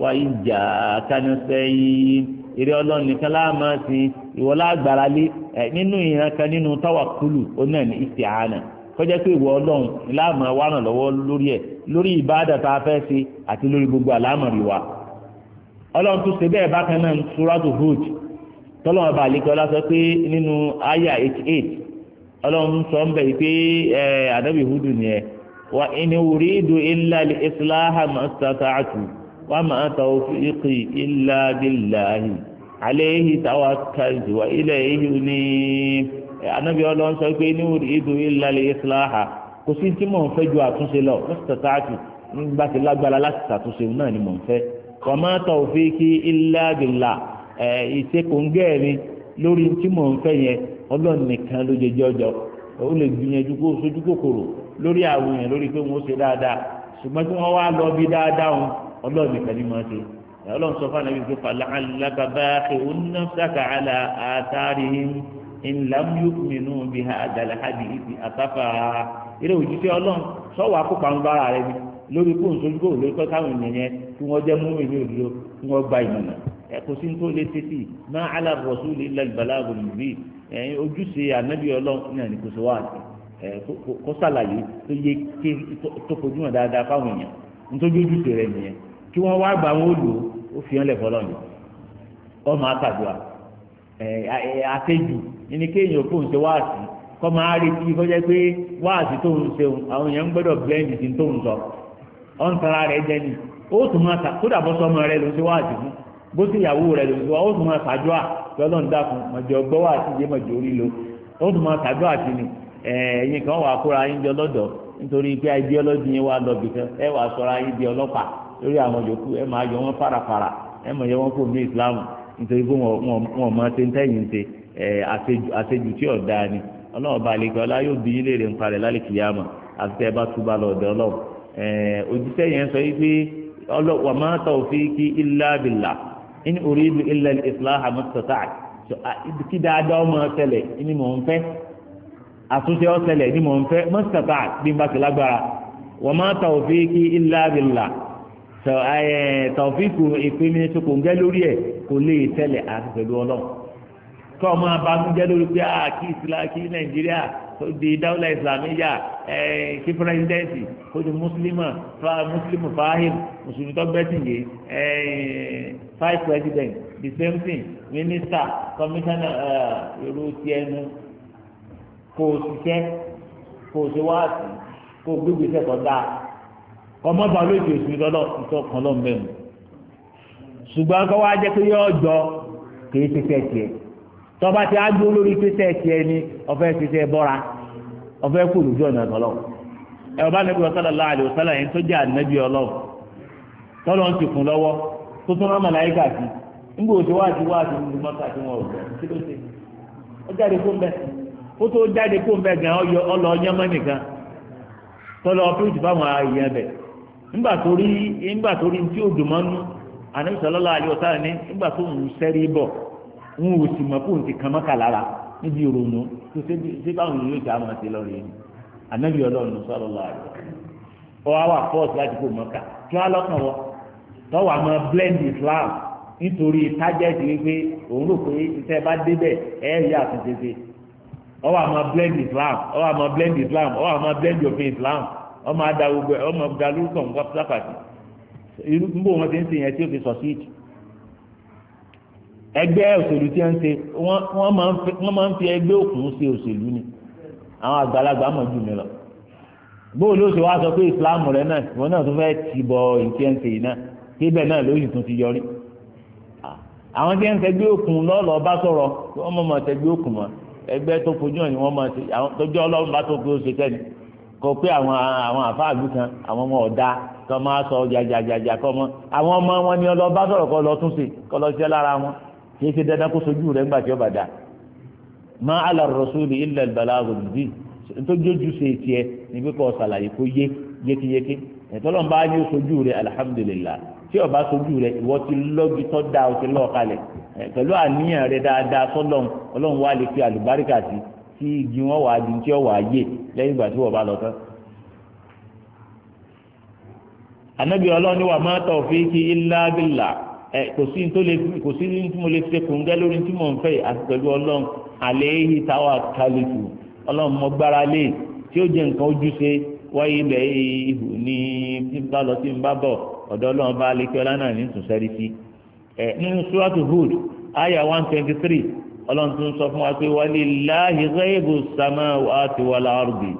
wa iyyaka nasta'in eré ọlọ́run nìkan láàmú sí ìwọ lágbára lé ẹ nínú ìran kan nínú tawakkulu ó náà ní isti'ana kọjá pé ìwọ ọlọ́run láàmú wa ràn lọ́wọ́ lórí ẹ̀ lórí ìbáàdà tá a fẹ́ ṣe àti lórí gbogbo àlámọ̀rí wa ọlọ́run tún ṣe bẹ́ẹ̀ bákan náà súrátù Hud tọ́lọ́mọ bá àlekọ́ lásán pé nínú eight ọlọ́run sọ ń bẹ̀ yìí pé ẹ̀ nìyẹn wa أريد إلا الإصلاح ما استطعت وما توفيقي إلا بالله عليه wa وإليه أنيب anabi Ọlọ́run sọ pé ní ìdù ilà lè islaha kò sí tí mò ń ju àtúnṣe lọ mọsítàtàkì nígbà tí lágbára láti ṣàtúnṣe náà ni mò fe fẹ́ kọmọ tawfiki illa billah ẹ ìṣekòǹgẹ mi lórí tí mò ń fẹ́ yẹn Ọlọ́run nìkan lórí àwọn èèyàn lórí pé wọ́n ṣe dáadáa ṣùgbọ́n tí wọ́n wá lọ bí dáadáa wọn ọlọ́run nìkan ni wọ́n ṣe ọlọ́run sọ fún anabi pé fàlà alaka báàkì oníná sàkà àlà àtàrí ńlámúyòkùnmínú bí ha àgàlà hàbí ibi àtàfà eré òjíṣẹ́ ọlọ́run sọ́wọ́ akópa ń bára rẹ ni lórí kó nsọ́jú kó lórí kọ́ káwọn ènìyàn yẹn kí wọ́n jẹ́ mú ìlú òdodo kí wọ́n gba ìmọ̀nà kó sàlàyé tó yẹ ké tó fojú hàn dáadáa fáwọn èèyàn nítorí ojúṣe rẹ nìyẹn kí wọ́n wá gba wọn ó lò ó fi hàn lẹ̀ fọlọ́ ni ọmọ àtàdúrà àtẹjù ní kéèyàn kó ń ṣe wáàsí kọ́ máa retí kọjá pé wáàsí tó ń ṣe àwọn èèyàn ń gbọ́dọ̀ blend sí tó ń sọ ọ̀n tara rẹ̀ jẹ́ ni ó tún máa ta kódà bọ́ sọmọ rẹ̀ ló ń ṣe wáàsí fún bó sì ìyàwó rẹ̀ ló ń ṣe wá ó tún máa tàjọ́ à lo ó tún máa tàjọ́ ẹ̀yin kan wà kóra yín jọ lọ́dọ̀ nítorí pé ideology nye wà lọ́bì kan ẹ wà sọra yín di ọlọ́pàá lórí àwọn yòókù ẹ máa yọ wọn fàràfàrà ẹ máa yọ wọn kó Islam nítorí pé wọn máa ṣe ń tẹ̀yìn ṣe àṣejù tí ọ̀dà ni ọlọ́run bá lè gbọ́ ọlá yóò bí ilé rẹ̀ ń parẹ́ àti tẹ́ ẹ bá túbà ọlọ́run sọ wa ma tawfiqi illa billah in uridu illa al-islaha àtúnṣe ọ̀sẹ̀lẹ̀ ni mò ń fẹ́ mọ́sítàtà bí n bá ti lágbára wọ́n máa tàwọ́fíìkì illa billah tàwọ́fíìkù ìpínmi tó kò ń gẹ́ lórí ẹ̀ kò lè tẹ́lẹ̀ àti pẹ̀lú ọlọ́run kọ́ máa bá ń jẹ́ lórí pé a ah, kí islam kí nàìjíríà di dáwọ́lá islamiyà kí pírẹ́sidẹ́ǹtì kó di mùsùlùmù fa mùsùlùmù fàáhìm mùsùlùmí tó gbẹ́sìnyé five president the same thing minister commissioner yorùbá tiẹ̀ nù. kò ṣiṣẹ́ kò ṣe wáàsí kò gbégbé dáa ọmọ bá lóde òsì kan ṣùgbọ́n wá pé yọ kì í lórí ni ọ̀fẹ́ ṣiṣẹ́ bọ́ra ọ̀fẹ́ kù lójú ọ̀nà ọ̀lọ́ ẹ ọba nàbí ọ̀sálà láàlẹ́ ọ̀sálà yẹn tó jẹ́ ànábì ọlọ́ọ̀ tọ́lọ́ ń ti ní kó tó jáde kó mbẹ gan ọlọ ọyánmọ́ nìkan tọ́lọ ọpẹ́rẹ́tì fáwọn èèyàn bẹ̀ nígbà tó rí nígbà tó rí tí ó dùn mọ́nú ànábì tó ń sẹ́rí bọ̀ ń kó n ti kàn mọ́kà lára níbi ìrònú tó ṣe báwọn yóò ṣe àmọ́ ṣe lọ́rọ̀ yẹn ànábì ọlọ́run sallallahu ọ wá wà fọ́ọ̀sì láti kó mọ́kà tó á ọwọ́ ma blend islam ọwọ́ ma blend islam blend islam ma da gbogbo ọmọ dalúkọ̀ nǹkan sápàtì wọn ti ń sèyàn tí ó fi sọ̀síìtì ẹgbẹ́ òṣèlú tí wọ́n ṣe ma máa ń fi ẹgbẹ́ òkùnkùn ṣe ni àwọn àgbàlagbà ma jù mí lọ bóòlù ó ṣe sọ pé islam rẹ náà wọn náà tún ti bọ yìí náà náà tún ti yọrí àwọn tí ń bá ẹgbẹ́ tó fojú hàn ni wọ́n máa ṣe àwọn tọ́jú ọlọ́run bá tó pé ó ṣe kẹ́ni kò pé àwọn àwọn àfáàgbé kan àwọn ọmọ ọ̀dà kan máa sọ jàjàjàjà kọ́ mọ́ àwọn ọmọ wọn ni ọlọ́ bá sọ̀rọ̀ kọ́ lọ tún ṣe kọ́ lọ ṣe lára wọn kì í ṣe dandan kó sojú rẹ̀ ńgbà tí ó bà dà má àlà rọ̀ṣúlì ilẹ̀ ìbàlágò dì tó jójú ṣe tiẹ̀ níbi kọ́ ṣàlàyé kó yé yékéyéké ẹ̀tọ́lọ́mbá ní ó sojú rẹ̀ alihamudulilayi tí ọba sojú rẹ ìwọ ti lọ́gi tọ́ da ọ ti lọ́ kalẹ̀ pẹ̀lú àníyàn rẹ dáadáa sọ́lọ́n ọlọ́run wá lè fi àlùbáríkà sí tí igi wọn wà á di tí ọ wà á yè lẹ́yìn ìgbà tí wọ́n bá lọ tán. ànábì ọlọ́run wà má tawfiki illa billah ẹ kò sí tó lè kò sí tí mo lè ṣe kò ń gẹ́ lórí tí mò ń fẹ́ àti pẹ̀lú ọlọ́run alayhi tawakkaltu ọlọ́run mo gbára lé tí ó jẹ nǹkan ojúṣe wáyé ilẹ̀ ìhù ọ̀dọ̀ ọlọ́run bá alẹ́kẹ́ ọlá náà ní tùsẹ́rí sí ẹ nínú suratu Hud aya one twenty three ọlọ́run tún sọ fún wa pé walillahi ghaibu samawati wal ardi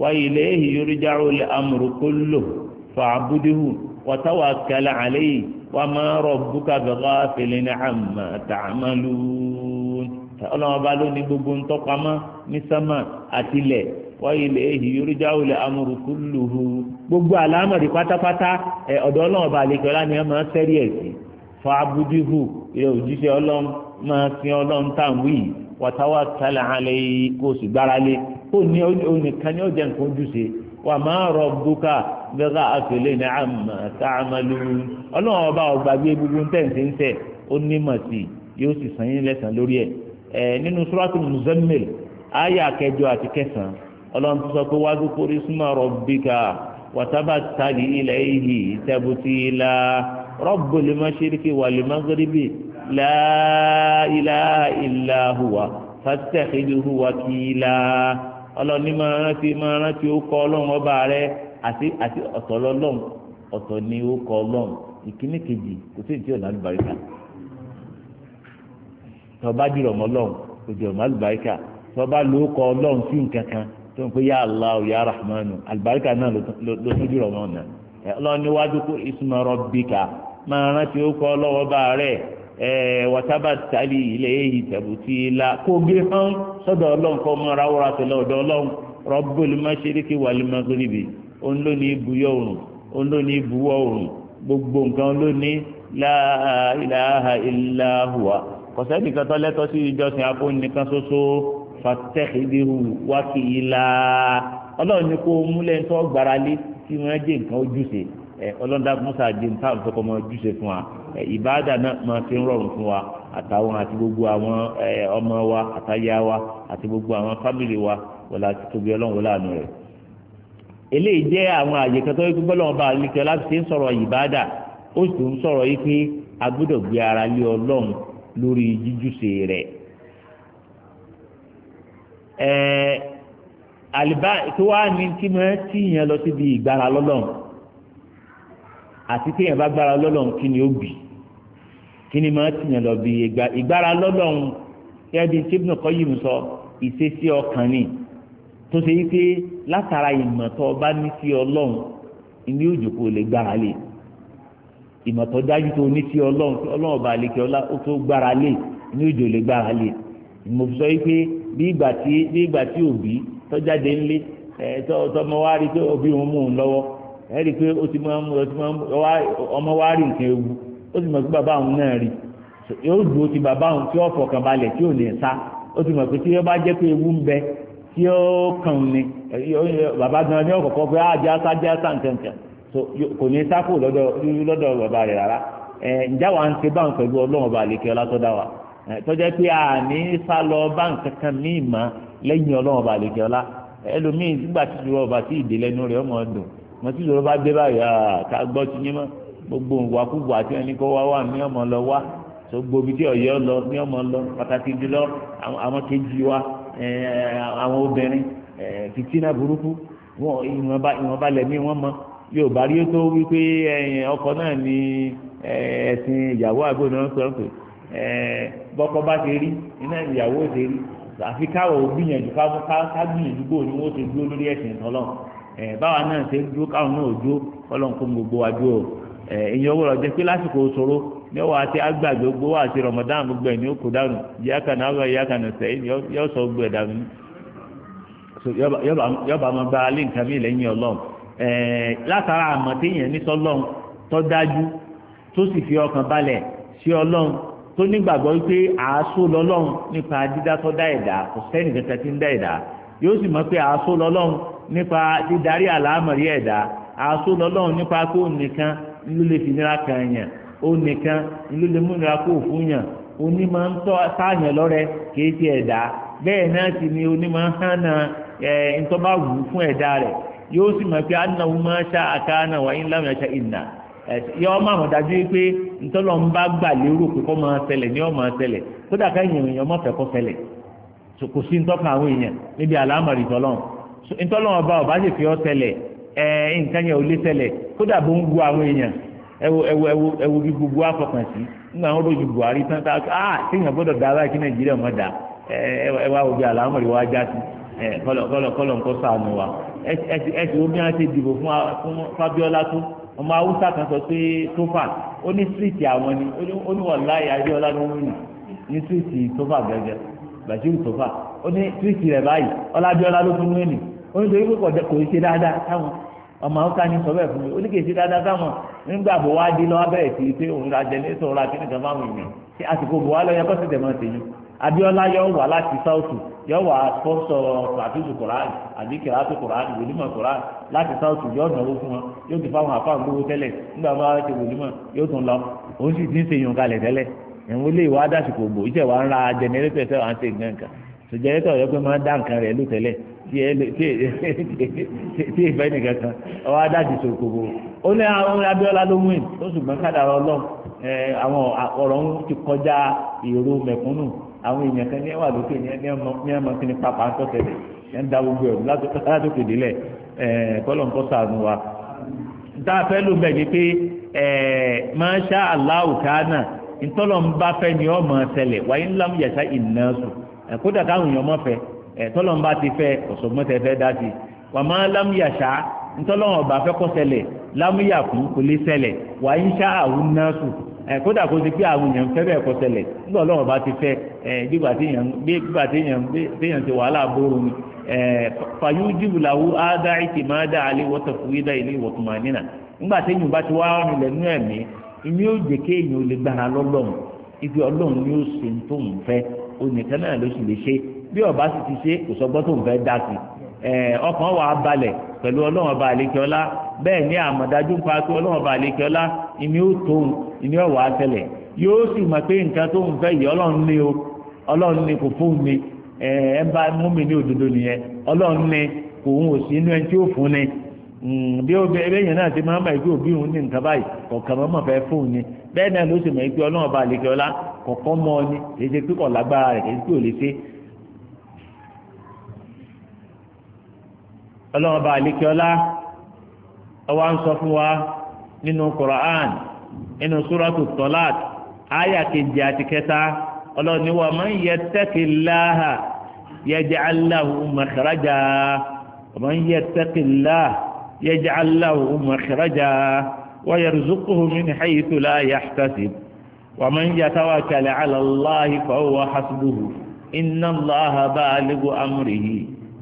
wa ilayhi yurja'u al-amru kulluhu fa'budhu wa tawakkal alayhi wa ma rabbuka bighafilin amma ta'malun ọlọ́run bá lóní gbogbo ń tọ́pamọ́ ní sámà àtilẹ̀ wa ilayhi yurja'u al-amru kulluhu gbogbo àlámọ̀rí pátápátá ẹ ọ̀dọ̀ ọlọ́run bá àlejò ọlá ni ẹ máa ń sẹ́rí ẹ̀ sí fa abudihu ilé òjíṣẹ́ ọlọ́run máa sin ọlọ́run tá à ń wí wàtáwà tálà alẹ́ kó o sì gbára lé ó ní onìkan ní ọjà nǹkan ojúṣe wà máa rọ bùkà bẹ́ẹ̀ àfẹlẹ́ ní àmà tá a máa lò ó ọlọ́run ọba ọ̀gbàgbé gbogbo ó ní mọ̀ sí yóò sì sàn yín lẹ́sàn lórí ẹ̀ ẹ̀ nínú suratul muzammil àyà kẹjọ àti kẹsàn-án ọlọ́run tó sọ pé wájú kórìí súnmọ́ rọ bíkà wàtábàtàlì ilẹ̀ ìhì ìtẹ́bùtì ilà rọ́bù lè má ṣíríkì wà lè má gíríbì láìlà ìlà hùwà fàtẹ́kìlì hùwà kìlà ọlọ́ni máa rántí máa rántí ó kọ́ ọlọ́run ọba rẹ àti àti ọ̀tọ̀ lọ́lọ́run ọ̀tọ̀ ni ó kọ́ ọlọ́run ìkíní kejì kò sí ìdí ọ̀nà àlùbáríkà tọ́ba dìrọ̀ mọ́ ọlọ́run kò dìrọ̀ àlùbáríkà tọ́ba ló kọ́ ọlọ́run sí nǹkan kan tó ń pè ya Allahu ya Rahmanu àlùbáríkà náà ló tún jùlọ náà nà ẹ ọlọ́run níwájú kó isma rabbika máa rántí ó kọ́ lọ́wọ́ bá rẹ̀ ẹ wàtábà tálí ilé yìí tẹ̀bùtì la kó gbé hán sọ́dọ̀ ọlọ́run kọ́ mọ́ra wúra tẹ̀lé ọ̀dọ̀ ọlọ́run Rabbul mashriqi wal maghribi òun ló òrùn òun ló òrùn gbogbo nǹkan ló ní la ilaha illa fàtẹ́kìdìrú wákìlá ọlọ́run ní kó múlẹ̀ ń tọ́ gbára lé tí wọ́n jẹ́ nǹkan ojúṣe ẹ ọlọ́run dá musa jẹ́ nǹkan àtọ́kọ́ mọ́ ojúṣe fún wa ẹ ìbáàdà náà máa fi ń rọrùn fún wa àtàwọn àti gbogbo àwọn ẹ ọmọ wa àtàyà wa àti gbogbo àwọn fámìlì wa wọlá tóbi ọlọ́run wọlá àánú rẹ̀ eléyìí jẹ́ àwọn àyè kan tó yẹ kó bọ́lọ́run bá àlejò láti ṣe ń sọ̀rọ̀ ìbáàdà ó sì ń sọ̀rọ̀ yìí pé a gbé ara lé ọlọ́run lórí jíjúṣe rẹ̀ àlìbá tó wá ní tí mo ẹ́ tí yẹn lọ síbi ìgbára lọ́lọ́run àti téèyàn bá gbára lọ́lọ́run kí ni ó bì kí ni mo ẹ́ tí yẹn lọ bí ìgbára lọ́lọ́run kẹ́bi Ibn Qayyim sọ ìṣesí ọkàn ni tó ṣe wípé látara ìmọ̀tọ́ bá ní sí ọlọ́run ilé òjòkó lè gbára lé ìmọ̀tọ́ dájú tó ní sí ọlọ́run ọlọ́run ọba àlekè ọlá ó tó gbára lé ilé òjò lè gbára lé ìmọ̀tọ́ yìí pé bí ìgbà tí bí ìgbà tí òbí tọ́jáde ńlé ẹ tọmọ wa rí pé òbí òun mú un lọ́wọ́ ọmọ wa rí nǹkan ewu ó sì mọ̀ pé bàbá òun náà rí yóò dùn ti bàbá òun tí ó fọkàn balẹ̀ tí ò ní ó ti mọ̀ pé tí ó bá jẹ́ pé ewu ń bẹ tí ó kàn ní bàbá gan ni ó kọ̀kọ́ ah, á jẹ́ asá jẹ́ asá nǹkan nǹkan kò ní sá kù lọ́dọ̀ bàbá rẹ̀ rárá ǹjẹ́ wàá ń ṣe báwọn pẹ̀lú wa. tọ́jà pé àní sálọ báǹkì kan ní ìmọ̀ lẹ́yìn ọlọ́run ọba àlejò ọlá ẹlòmíì nígbà tí ìṣòro ọba tí ìdè lẹ́nu rẹ̀ ọmọ ọdún mo tí ìṣòro dé báyìí ká gbogbo àti ẹni kó wà ní lọ wá tó gbobi tí lọ ní lọ pàtàkì jùlọ àwọn kejì wa àwọn obìnrin burúkú ìwọ̀nba wọn mọ yóò bá rí tó ọkọ náà ní ẹ̀sìn ìyàwó àgbò Eh, bọ́kọ bá ṣe rí iná ìyàwó ṣe rí àfi káwọ̀ gbìyànjú ká gbìyànjú gbòò wọ́n ti dúró lórí ẹ̀sìn ìtọ́lọ́ eh, báwa náà ṣe dúró káwọn náà dúró kọ́lọ́n kó gbogbo wa dúró èyàn wọ́n rọ̀ pé lásìkò ṣòro ní ọwọ́ àti agbàgbé gbowó àti Ramadan gbogbo ẹ̀ ní òkú dànù yíyáka náà ọ̀rọ̀ yíyáka náà sọ gbogbo ẹ̀ dànù yọba alẹ́ nǹkan eh, fi ọkàn balẹ̀ sí ọlọ́run tó nígbàgbọ́ wípé àásó lọ́lọ́run nípa dídátọ́ dá ẹ̀dá kò sẹ́ni kankan tí ń dá ẹ̀dá yóò sì mọ̀ pé àásó lọ́lọ́run nípa dídarí àlámọ̀rí ẹ̀dá àásó lọ́lọ́run nípa pé òun nìkan ló lè fi nira kan yàn òun nìkan ló lè mú nira kó fún yàn onímọ̀ ń tọ́ sáàyàn lọ́rẹ kìí ti ẹ̀dá bẹ́ẹ̀ náà sì ni onímọ̀ ń hàn náà ẹ̀ ń tọ́ bá wù fún ẹ̀dá rẹ̀ yóò sì mọ̀ pé wa in lam yasha' yọ ọmọ àwọn dájú pé ntọ́lọ́ ń bá gbà lérò pé kọ́ máa ṣẹlẹ̀ ní ọmọ ṣẹlẹ̀ kódà ká èèyàn èèyàn mọ̀fẹ́ kọ́ ṣẹlẹ̀ kò sí ntọ́ka àwọn èèyàn níbi àlámọ̀rì tọ́lọ́ ntọ́lọ́ ọba ọba sì fi ọ́ ṣẹlẹ̀ ẹ nǹkan yẹn ò lè ṣẹlẹ̀ kódà bó ń gu àwọn èèyàn ẹwo ẹwo ẹwo ẹwo bí gbogbo afọkàn sí nígbà wọn lójú Buhari tán tá a kéèyàn ah, gbọ́dọ̀ dá báyìí kí Nàìjíríà mọ̀ dá ẹ wá òbí àlámọ̀rì wá já sí kọlọ̀ kọlọ̀ kọlọ̀ ń kọ́ sànù wa ẹ ti ó bí wọn ti dìbò fún Fábíọ́lá tó ọmọ haúsá kan sọ pé tófà ó ní síríìtì àwọn ni ó ní wọ̀n láyé adéọlá ló ń rìn ní síríìtì tófà gẹ́gẹ́ bàṣírù tófà ó ní síríìtì rẹ̀ báyìí ọládéọlá ló tún rìn ó ní torí pé kò ṣe dáadáa táwọn ọmọ haúsá ni sọ bẹ́ẹ̀ fún mi ó ní kì í ṣe dáadáa táwọn nígbà bó wá dé lọ́wọ́ bẹ́ẹ̀ sí pé òun ra jẹ ní sọ̀rọ̀ àti nígbà máa wù abiola yóò wá láti sáùtù yóò wá sponsor pàtúntù koran àbí kìláàtù koran wòlímọ̀ koran láti sáùtù yóò náwó fún wọn yóò ti fáwọn àfáà gbówó tẹlẹ nígbà wọn ti wòlímọ̀ yóò tún lọ òun sì ti ń sèyàn kalẹ̀ tẹ́lẹ̀ ìwọ lè wá ń ra ń nǹkan kan yẹ pé máa ń dá nǹkan ló tí ìfẹ́ nìkan kan ọwọ́ adájú ó ní àwọn ló àwọn èèyàn kan ní ẹwà lókè ní ẹmọ kí ni pápá tọ́tẹ̀lẹ̀ ẹ̀ ń da gbogbo ẹ̀rù látòkè délẹ̀ kọ́lọ̀ǹkọ́ sànù wa. tá a fẹ́ ló bẹ̀ ni pé masha Allahu kana ntọ́lọ̀ ń bá fẹ́ ni ọ́ máa ṣẹlẹ̀ wáyé ńlá mu yàtá ìnáṣù kódà káwọn èèyàn mọ́ fẹ́ tọ́lọ̀ ń bá ti fẹ́ ọ̀sọ̀gbọ́ntẹ́ fẹ́ dá sí wà má lámú yàtá ntọ́lọ̀ ọ̀bà fẹ́ kọ́ ṣẹlẹ̀ lámú yàkùn kò lè ṣẹlẹ̀ wáyé ń ṣá àwọn náà sùn kódà kó ti pé àwọn èèyàn fẹ́ bẹ́ẹ̀ kọ́ ṣẹlẹ̀ nígbà ọlọ́run bá ti fẹ́ gbígbà tí èèyàn ti wàhálà bóoru ni fàyú jùlọ làwù ádá ìtì máa dá alẹ́ wọ́tọ̀ fún yídá ilé ìwọ̀túnmá nínà nígbà tí bá ti wá rìn lẹ́nu ẹ̀mí ìmí ó jẹ́ kí èèyàn ibi ọlọ́run ni ó tó ń fẹ́ onìkan náà ló sì lè ṣe bí ọba sì pẹ̀lú ọlọ́run ba àlekẹ́ ọlá bẹ́ẹ̀ ni àmọ̀dájú ń pa pé ọlọ́run ọba àlekẹ́ ọlá ìní ó tóun ìní ọ̀wà àtẹlẹ̀ yóò sì mọ̀ pé nǹkan tó ń fẹ́ yìí ọlọ́run ní o ọlọ́run ní kò fóun ní ẹ ẹ bá mú mi ní òdodo nìyẹn ọlọ́run ní kò ń òsì inú ẹni tí ó fún ni hmm, bí ó bẹ ẹbẹ yẹn náà ti máa ń bá ìgbé òbí òun ní nǹkan báyìí kọ̀ọ̀kan mọ́ mọ̀ fẹ́ fóun ni bẹ́ẹ̀ náà ló sì mọ̀ pé ọlọ́run ọba àlekẹ́ ọlá kọ̀ọ̀kan mọ́ ọ ni èyí ti pé kọ̀ lágbára rẹ̀ èyí tí ò lè ṣe ọlọ́run bá àlékiọ́lá ọwọ́ à ń sọ fún wa nínú Qur'an nínú súrọ́tù tọ́láàt áyà kejì àti kẹta ọlọ́run ní wa man yattaqillaha yaj'al lahu makhraja wa man yattaqillaha yaj'al lahu makhraja wa yarzuqhu min haythu la yahtasib wa man yatawakkal 'ala Allahi fa huwa hasbuhu inna Allaha balighu amrihi.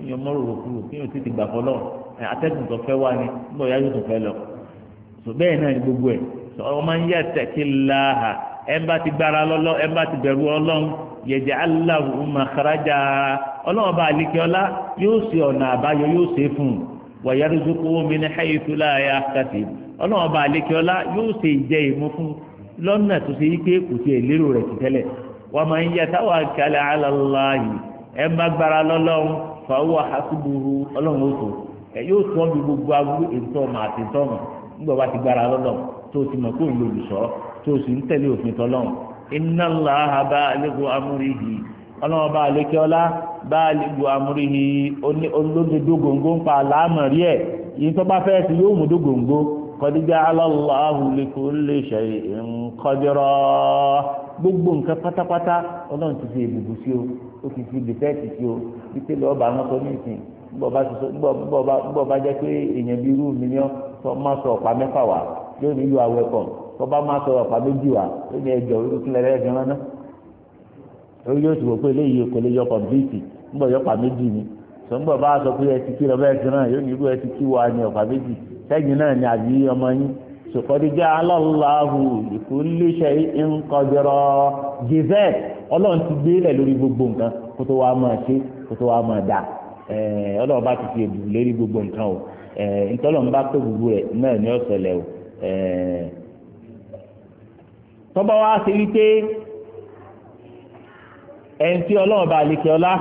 èèyàn mọ́ ròrò kúrò kí èèyàn tètè gbà fọlọ́ atẹ́gùn tó fẹ́ wá ni nígbà yá yóò tó fẹ́ lọ sọ bẹ́ẹ̀ náà ni gbogbo ẹ̀ sọ ọmọ ń yẹ tẹ̀kí láàhà ẹ̀ ń bá ti gbára lọ́lọ́ ẹ̀ ń bá ti bẹ̀rù ọlọ́run yẹ̀jẹ̀ aláwọ̀ ọmọ àkàràjà ọlọ́run bá àlekè ọlá yóò ṣe ọ̀nà àbáyọ yóò ṣe fún un wàyárí zoko omi ní hayetú láàyè àkàtì ọlọ́run bá ẹ̀ ń bá gbára lọ́lọ́run fàáwọ àkúburu ọlọ́run oṣù ẹ yóò tún ọbí gbogbo aburú ètò ọmọ àti ètò ọmọ nígbà wá ti gbára lọ́dọ̀ tó o ti mọ̀ kó o lò lùsọ́ tó o sì ń tẹ̀lé òfin tọ́lọ́run iná ńlá bá alẹ́kùn hi ọlọ́run bá alẹ́kẹ́ ọlá bá ń pa àlámọ̀ rí ẹ̀ yìí gbogbo nǹkan pátápátá ọlọ́run ti fi èbùbù sí o ó ti fi bìtẹ́ẹ̀tì o títí lọ́ọ́ bá wọn sọ ní ìsìn gbọ́ bá jẹ́ pé èèyàn bíi irú mi ni ọ́ sọ máa sọ ọ̀pá mẹ́fà wá yóò bá sọ ọ̀pá méjì wá yọ kọ̀m̀pìtì yọ ọ̀pá méjì ni sọ ńgbọ̀ bá sọ pé ẹ ti kí lọ bẹ́ẹ̀ yóò ní irú ẹ ti kí sòkòdìjà aláwòláhù ìkúlẹ̀ṣẹ̀ ńkọjọrọ gizet ọlọ́run ti gbé lẹ̀ lórí gbogbo nǹkan kó tó wá máa ṣe kó tó wá máa dà ọlọ́run bá ti fi èbù lérí gbogbo nǹkan o ntọ́lọ́run bá pé gbogbo rẹ̀ náà ní ọ̀sẹ̀lẹ̀ o tọ́ba wa ṣe wípé ẹni tí ọlọ́run bá lè kí ọlá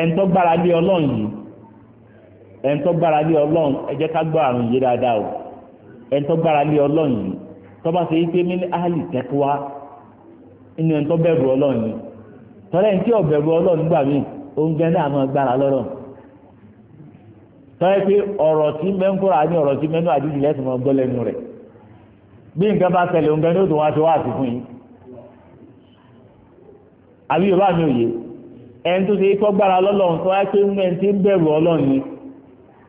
ẹni tó gbára lé ọlọ́run yìí ẹni tó ká gbọ́ àrùn yìí dáadáa o ẹni tó gbára lé ọlọ́run yìí tó bá ṣe wípé mí ní áhàlì tẹ́kọ́wá inú ẹni tó bẹ̀rù ọlọ́run yìí tọ́lẹ̀ ní tí ò bẹ̀rù ọlọ́run gbà mí oúnjẹ náà máa gbára lọ́rọ̀ tọ́lẹ̀ pé ọ̀rọ̀ tí mẹ́ńkúrà ní ọ̀rọ̀ tí mẹ́nu àdúgbò lẹ́sìn máa gbọ́ lẹ́nu rẹ̀ bí nǹkan bá ṣẹlẹ̀ oúnjẹ ní òtún wá ṣe wá àti yìí àbí yorùbá mi ò yé ẹni tó ṣe é tọ́gbára lọ́lọ́run tó wáyé pé ń bẹ̀rù ọlọ́run ni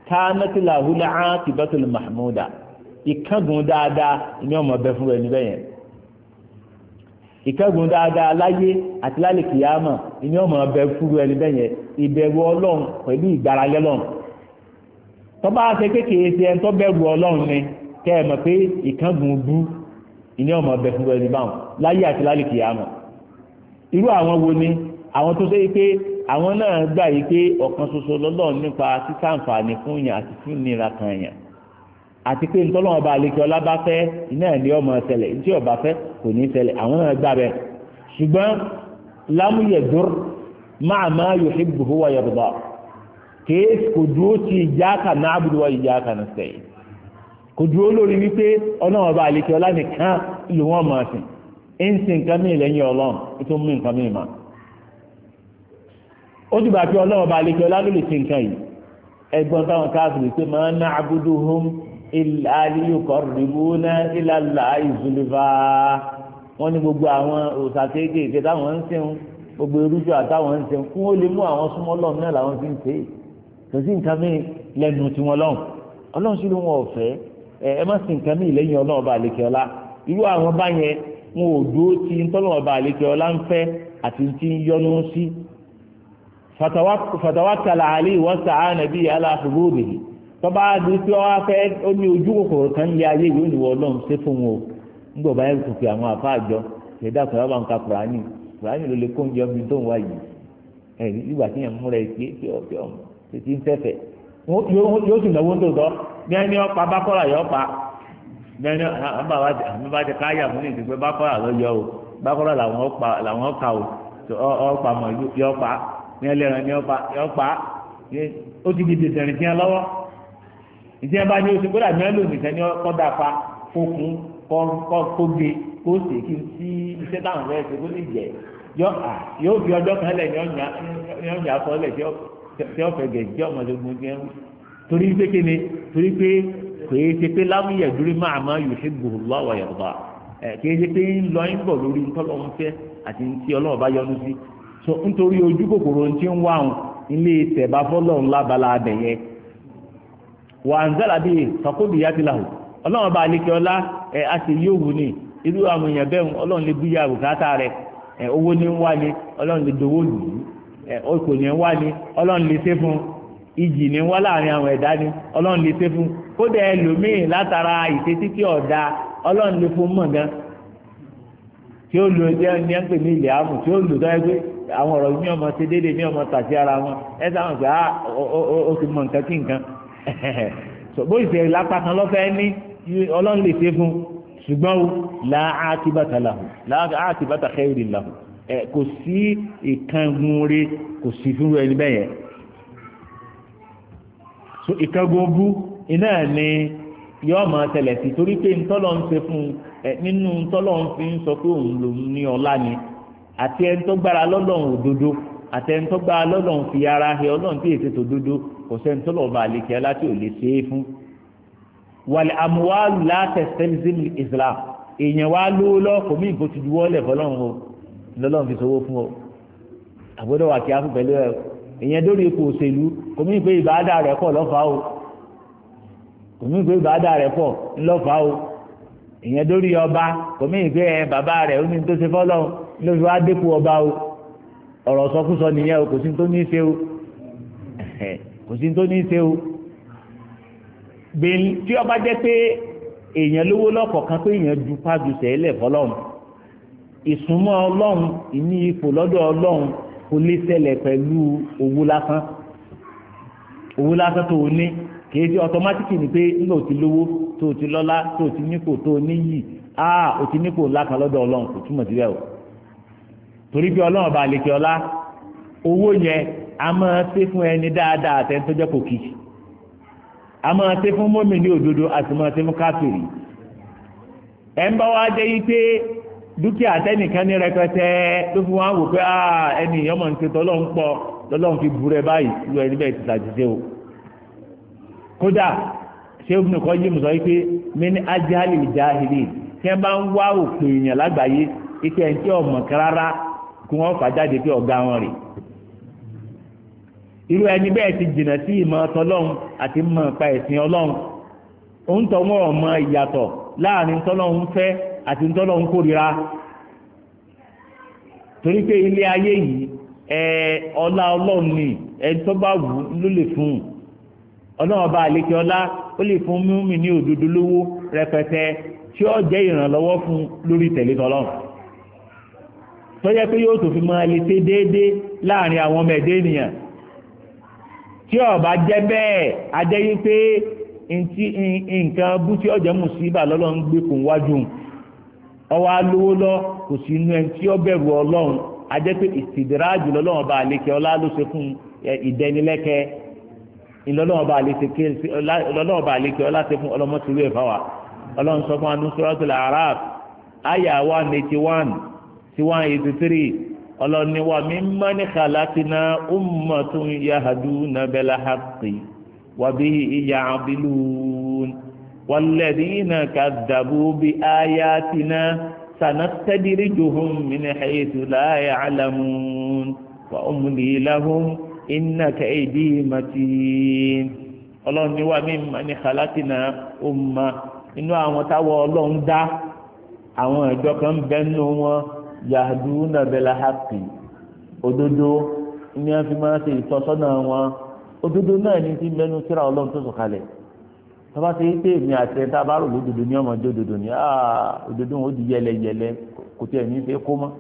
ká mẹ́tìlá húlẹ̀ á ti bẹ́tùlù mahmuda ìkángun dáadáa ni ọmọ bẹ fún ẹni bẹ́yẹn ìkángun dáadáa láyé àti lálẹ́ kìyàmọ̀ ni ọmọ bẹ fún ẹni bẹ́yẹn ìbẹ̀rù ọlọ́run pẹ̀lú ìgbáralé ọlọ́run tọ́ba ṣe kékeré ṣe ẹni tó bẹ̀rù ọlọ́run ni kẹ́ ẹ mọ̀ pé ìkángun bú ni ọmọ bẹ fún ẹni báwọn láyé àti lálẹ́ kìyàmọ̀ irú àwọn wo ni àwọn tó ṣe pé àwọn náà gbà yí pé ọ̀kan ṣoṣo lọ́lọ́run nípa sísàǹfààní fún yàn àti fún ìnira kan yàn àti pé ntọ́lọ́wọ́n ọba àlekí ọlá bá fẹ́ iná ẹ̀ ní ọmọ ṣẹlẹ̀ ntí ọba fẹ́ kò ní ṣẹlẹ̀ àwọn náà gbà bẹ́ẹ̀ ṣùgbọ́n lámúyẹ̀dúr máa máa yọ ṣíbù fún wáyà bàbá kéésì kò dúró ti iyyaka na'budu wa iyyaka nasta'in kò dúró lórí wípé ọlọ́wọ́n ọba àlekí ọlá nìkan ló wọ́n máa sìn ń sin nǹkan mìíràn aliyukọ rìbúnà ìlàlà ìzùlùfà wọn ní gbogbo àwọn òòṣà kéékèèké táwọn ń sẹ́wọ̀n gbogbo irújọ àtàwọn ń sẹ́wọ̀n kún ó lè mú àwọn súnmọ́ lọ́ọ̀ náà làwọn ti ń ṣe é kò sí nǹkan mi lẹ́nu tiwọn lọ́hùn ọlọ́run sí ló wọn ọ̀fẹ́ ẹ má sì nǹkan mi lẹ́yìn ọlọ́run ọba àlekè ọlá irú àwọn báyẹn wọn ò dúró ti ń tọ́lọ́run ọba àlekè ọlá ń fẹ́ àti ti ń yọnu sí fatawakkala alayhi wa sa'ana bihi ala hududi tọ́ba di pé wọ́n á ojú kòkòrò kan lé ayé yìí ó ní wọ́n ṣe fún wọn o nígbà bá àwọn àfa àjọ ṣẹ̀dá kọ́ra bá ń ka kùránì kùránì ló lè kó oúnjẹ ọ̀gbìn tó ń yìí ẹ̀ nígbà tí yẹn múra èké tí ó ọmọ tètè ń yóò sì náwó tó tọ́ bí ẹni ọ̀pá bá kọ́ra yọ̀ pa bí ẹni bá ti káyà fún ìdìgbẹ́ bá kọ́ra lọ yọ o bá làwọn ọ̀ka o ọ̀pá mọ̀ yọ̀ pa ní ẹlẹ́ran ní ọ̀pá ó ti di dèdèrè tiẹ̀ lọ́wọ́ ìdí ẹ bá ní oṣù kódà mẹ́rin lòdì sẹ́ni kọ́dà pa fokùn kọ́gbé kó sì kí n sí iṣẹ́ táwọn fẹ́ ṣe kó lè jẹ yóò fi ọjọ́ kan lẹ̀ ní ọ̀nyà sọ́lẹ̀ tí ó fẹ́ gẹ̀ tí ọmọ tó gun jẹun torí pé kéde torí pé kèé ṣe pé láwùyẹ̀ dúró máa máa yòó ṣe gbòòrò lọ́wọ́ yàrá kìí ṣe pé ń lọ ń bọ̀ lórí ntọ́lọ́ ń fẹ́ àti ti ọlọ́run bá yọnu sí so nítorí ojú kòkòrò ti ń wá òun ilé ìtẹ̀bá fọlọ́run lábala abẹ̀yẹ wà á ń zálà bíi sàkóbì yá ti là hù ọlọ́run bá alẹ́kẹ́ ọlá ẹ̀ á sì yí òwú ni irú àwọn èèyàn bẹ́ẹ̀ ọlọ́run lè bíyà bùkátà rẹ̀ ẹ̀ owó ní ń wá ni ọlọ́run lè dowó lù ú ẹ̀ okò ní ń wá ni ọlọ́run lè ṣe fún ìjì ní ń wá láàrin àwọn ẹ̀dá ni ọlọ́run lè ṣe fún kódà ẹlòmíì látara ìṣesí tí ọ̀dà ọlọ́run lè fún mọ̀ gan tí ó lò jẹ́ ní ẹgbẹ́ ní ilẹ̀ àmù tí ó lò tó ẹgbẹ́ àwọn ọ̀rọ̀ mi ọmọ ṣe déédéé mi ọmọ tàṣí ara wọn ẹ sáwọn pé ó ah, ti mọ nǹkan kí nǹkan bó ṣe lápá kan lọ́fẹ́ ní ọlọ́run lè ṣe fún ṣùgbọ́n o là á ti bàtà làwọn là á ti bàtà kẹ́rì làwọn kò sí ìkángun re kò sí fún ẹni bẹ́ẹ̀ yẹn so ìkángun bú iná ni yọọ máa tẹlẹ sí torí pé ntọ́lọ́ ń ṣe fún ẹ nínú ntọ́lọ́ ń fi ń sọ pé òun lòún ní ọlá ni àti ẹni tó gbára lọ́lọ́run òdodo àtẹnutọ́gba lọ́lọ́run fi ara hẹ ọlọ́run tí èsè tó dúdú kò sẹ́ńtọ́lọ́ọ̀bà àlekẹ́ láti ò lè ṣe é fún. wàlẹ̀ àmúwáàlù látẹ̀sẹ́mísìm islam èèyàn wá lówó lọ́kọ̀ mí ìbò ti ju wọ́lẹ̀ fọlọ́run o lọ́lọ́run fi sọwọ́ fún ọ. àgbọ̀dọ̀ wà kí á fún pẹ̀lú ẹ èèyàn dórí ipò òṣèlú kò mí ìpè ìbáadà rẹ̀ pọ̀ lọ́fàá o kò mí ìpè ìbáadà rẹ̀ pọ̀ ńlọ́fàá o èèyàn dórí ọba kò mí ìpè ẹ bàbá rẹ̀ ó ní tó ṣe fọ́lọ́run ló fi wá dépò ọba o ọ̀rọ̀ sọkúsọ nìyẹn o kò sí tó ní í ṣe o kò sí tó ní í ṣe o bẹ́ẹ̀ tí ọba jẹ́ pé èèyàn lówó lọ́kọ̀ọ̀kan pé èèyàn ju pàjù sẹ́lẹ̀ fọlọ́run ìsúnmọ́ ọlọ́run ìní ipò lọ́dọ̀ ọlọ́run kò lè ṣẹlẹ̀ pẹ̀lú owó lásán owó lásán tó o ní kìí ṣe ọtọmátìkì ni pé nígbà tí lówó tó o ti lọ́lá tó o ti nípò tó o níyì Ah, o ti nípò ńlá kan lọ́dọ̀ ọlọ́run kò túmọ̀ síbẹ̀ o torí bí ọlọ́run bá lè kí ọlá owó yẹn a máa ṣe fún ẹni dáadáa àtẹ́ńtọ́jọ́ kò kì í a máa ṣe fún mọ́mì ní òdodo a sì máa ṣe fún káfíìrì ẹ̀ ń bá wá jẹ́ yí pé dúkìá tẹ́nìkan ní rẹpẹtẹ ló fi wá wò pé ẹni ìyọ́mọ̀ ń ṣe tọ́lọ́run pọ̀ lọ́lọ́run fi burẹ́ báyìí lu ẹni bẹ́ẹ̀ ti ṣàṣìṣe o kódà ṣé obìnrin kan yí musọ wípé mẹni ajáàlì ìjáàlì tí ẹ bá ń wá òpin èèyàn lágbàáyé ike ẹ̀ ń tí ọmọ kan kí wọ́n fà jáde pé ọ̀gá wọn rè irú ẹni bẹ́ẹ̀ ti jìnnà sí ìmọ̀ tọlọ́hun àti mọ̀ pa ẹ̀sìn ọlọ́hun òun tọ́ wọn ọmọ ìyàtọ̀ láàrin tọlọ́hun fẹ́ àti tọlọ́hun kórira torí pé ilé ayé yìí ẹ ọlá ọlọ́run ni ẹni tó bá wù ló lè fún un ọlọ́run ọba àlekè ọlá ó lè fún mímú ní òdodo lówó rẹpẹtẹ tí ó jẹ́ ìrànlọ́wọ́ fún lórí tẹ̀lé tọlọ́hun tó yẹ pé yóò tó fi máa lè ṣe déédéé láàrin àwọn ọmọ ẹ̀dẹ́ ènìyàn tí ó bá jẹ́ bẹ́ẹ̀ a jẹ́ yí pé nǹkan bú tí ọ̀jẹ̀ mùsíbà lọ́lọ́ ń gbé kò wájú ọwọ́ alówó lọ kò sí inú ẹni tí ó bẹ̀rù ọlọ́run a jẹ́ pé ìsìdíráàjù lọ́lọ́run bá àlékè ọlá ló ṣe fún ìdẹnilẹ́kẹ́ ìlọ́lọ́run bá àlékè ọlá ṣe fún ọlọ́mọ tìlú wa ọlọ́run sọ fún anú suratul A'raf àyà one eighty one sí one eighty three ọlọ́ni wa mimman khalaqna ummatun yahduna bil haqqi wa bihi ya'dilun walladhina kadhabu bi ayatina sanastadrijuhum min haythu la ya'lamun wa umli lahum inna kaydi matin ọlọ́run ní wà mí ní kàlákìnà ọmọ inú àwọn táwọn ọlọ́run dá àwọn ìjọ kan ń bẹ wọn yahduna bil haqqi òdodo ní wọ́n fi máa ṣe ìtọ́sọ́nà wọn òdodo náà ní ti mẹ́nu síra ọlọ́run tó sọ̀kalẹ̀ tọ́ba ṣe é pé èmi àti ẹ̀ tá a bá rò lódodo ní ọmọdé òdodo ní òdodo wọn ó di yẹlẹyẹlẹ kò tí ẹ̀ ní fẹ́ kó mọ́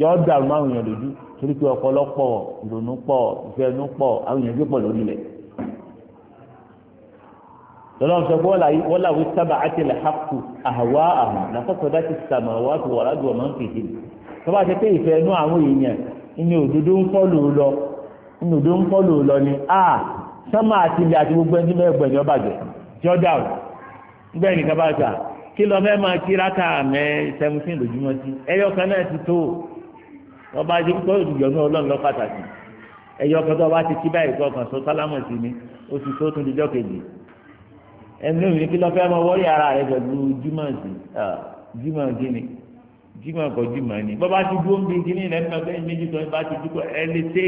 yọ ọ́ dàrú máa ń yàn lójú torí pé ọ̀pọ̀lọpọ̀ ìrònú pọ̀ ìfẹ́ inú pọ̀ àwọn èèyàn gbé pọ̀ lórí rẹ̀ lọ́lọ́run sọ pé wọ́n làwí sábà àti dá ti sàmà wá tó wà ládùú ọ̀mọ́ fìdí tọ́ba ti pé ìfẹ́ inú àwọn èèyàn inú òdodo ń fọ́lù lọ inú òdodo ń fọ́lù lọ ni a sọ́mà àti ilẹ̀ àti gbogbo ẹni mẹ́rin gbẹ̀yìn ọbàjẹ́ jordan nígbà yìí nìkan bá gbà kí lọ fẹ́ máa kí rákà mẹ́ seventeen lójúmọ́ sí ẹyọ kan náà ti tó ọba ẹnu mi kí lọ fẹ́ mọ wọ́ọ̀rì ara rẹ pẹ̀lú jimá sí jimá gíní jimá kọ jimá ni bọ́ba ti dúró ń bí gíní rẹ nígbà pé méjì sọ bá ti dúkọ ẹ lè tè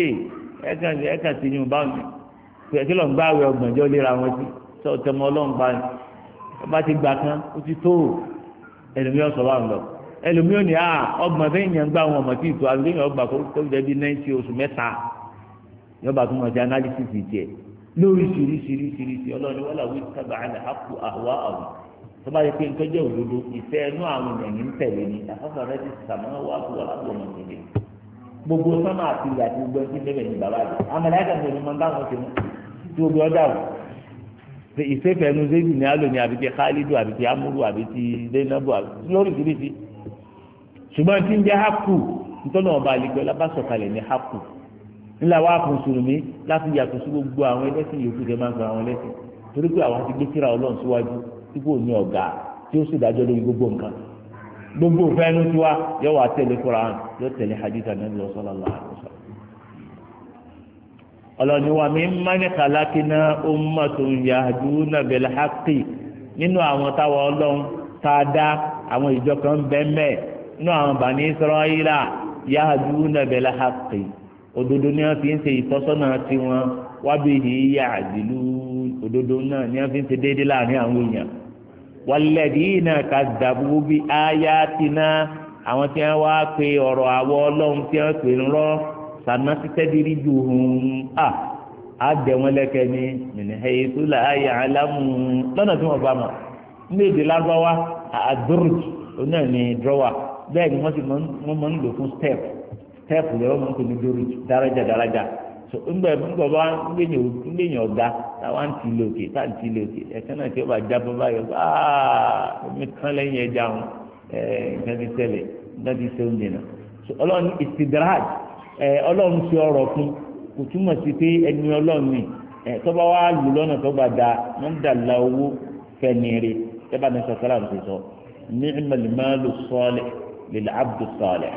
ẹ kàn ẹ kàn sí yín bá mi pẹ̀lú kí lọ ń gbá àwẹ̀ ọgbọ̀njọ́ léra wọn sí sọ tẹmọ ọlọ́run bá ní bọ́ba ti gbà kan ó ti tó ẹlòmíràn sọ wà lọ ẹlòmíràn ni ọgbọ̀n fẹ́ yàn gbà wọn ọmọ tí ì tó àbí kéèyàn ọgbà kó dẹbi náà ṣe lórí ṣiríṣiríṣiríṣi ọlọ́run wọ́n làwọn ìtàgbà àlẹ́ àpò àwa àwọn tó bá yẹ pé nǹkan jẹ́ òdodo ìfẹ́ ẹnu àwọn èèyàn ní tẹ̀lé ni àfọ́fọ́ rẹ ti sàmọ́ wá sí wà lábọ̀ ọ̀nà òkèlè gbogbo sọ́mà àti ìyá àti gbogbo ẹtí bẹ́ẹ̀ ni bàbá rẹ̀ amẹ́lẹ́ àgbàdo ni mo bá wọn ṣe mú tí gbogbo ọ̀dà wò ìfẹ́ fẹ́nu zébi ni alo ni àbí ti khalidu àbí ti amúru àbí ti zainabu lórí ìdílé ti ṣùgbọ́n tí ń jẹ́ haku nítorí ọba àlejò ọlá bá sọ̀kalẹ̀ ní ńlá wa kò sùnmí láti yàtọ̀ sí gbogbo àwọn ẹlẹ́sìn yòókù tẹ máa ń gba àwọn ẹlẹ́sìn torí pé àwọn ti gbé síra ọlọ́run síwájú tí kò ní ọ̀gá tí ó sì dájọ́ lórí gbogbo nǹkan gbogbo fẹ́ẹ́nu tí wa yóò wá tẹ̀lé Qur'an yóò tẹ̀lé hadith anabi sallallahu alaihi wasallam. ọlọ́ni wa mimman khalaqna ummatun yahduna bil haqqi nínú àwọn táwọn ọlọ́run tá àwọn ìjọ kan bẹ́ẹ̀ mẹ́ẹ̀ nínú àwọn Bani Israila yahduna bil haqqi òdodo ni wọ́n fi ń ṣe ìtọ́sọ́nà tiwọn wábí ìyá àdìlú òdodo náà ni wọ́n fi ń ṣe déédéé láàrin àwọn èèyàn walladina kazzabu bi ayatina àwọn tí wọ́n wá pe ọ̀rọ̀ àwọ ọlọ́run tí wọ́n pè ń rọ́ sànà títẹ́ dirí ju hùn à á jẹ wọn lẹ́kẹ́ ní mìnìhẹ́ ètò làáyà alámù lọ́nà tí wọ́n bá mọ̀ ní èdè lágbáwá àdúrù onáà ní drọ́wà bẹ́ẹ̀ ni wọ́n ti mọ̀ ń lò fún tẹ́ẹ̀pù rẹ̀ wọ́n mọ̀ nítorí dórí dáradà dáradà so ńgbà ńgbà bá ńgbẹ̀yìn ọ̀gá táwa ń ti lòkè táà ń ti lòkè ẹ̀ka náà tí ó bá jábọ́ báyọ̀ aaa omi kan lẹ́yìn ẹja wọn ẹ̀ nǹkan ti tẹ̀lé nǹkan ti ṣe oúnjẹ so ọlọ́run istidraj ẹ̀ ọlọ́run ṣe ọ̀rọ̀ fún kò túmọ̀ sí pé ẹni ọlọ́run ni ẹ̀ tọ́ba wa lù lọ́nà tó gbà da wọ́n dà la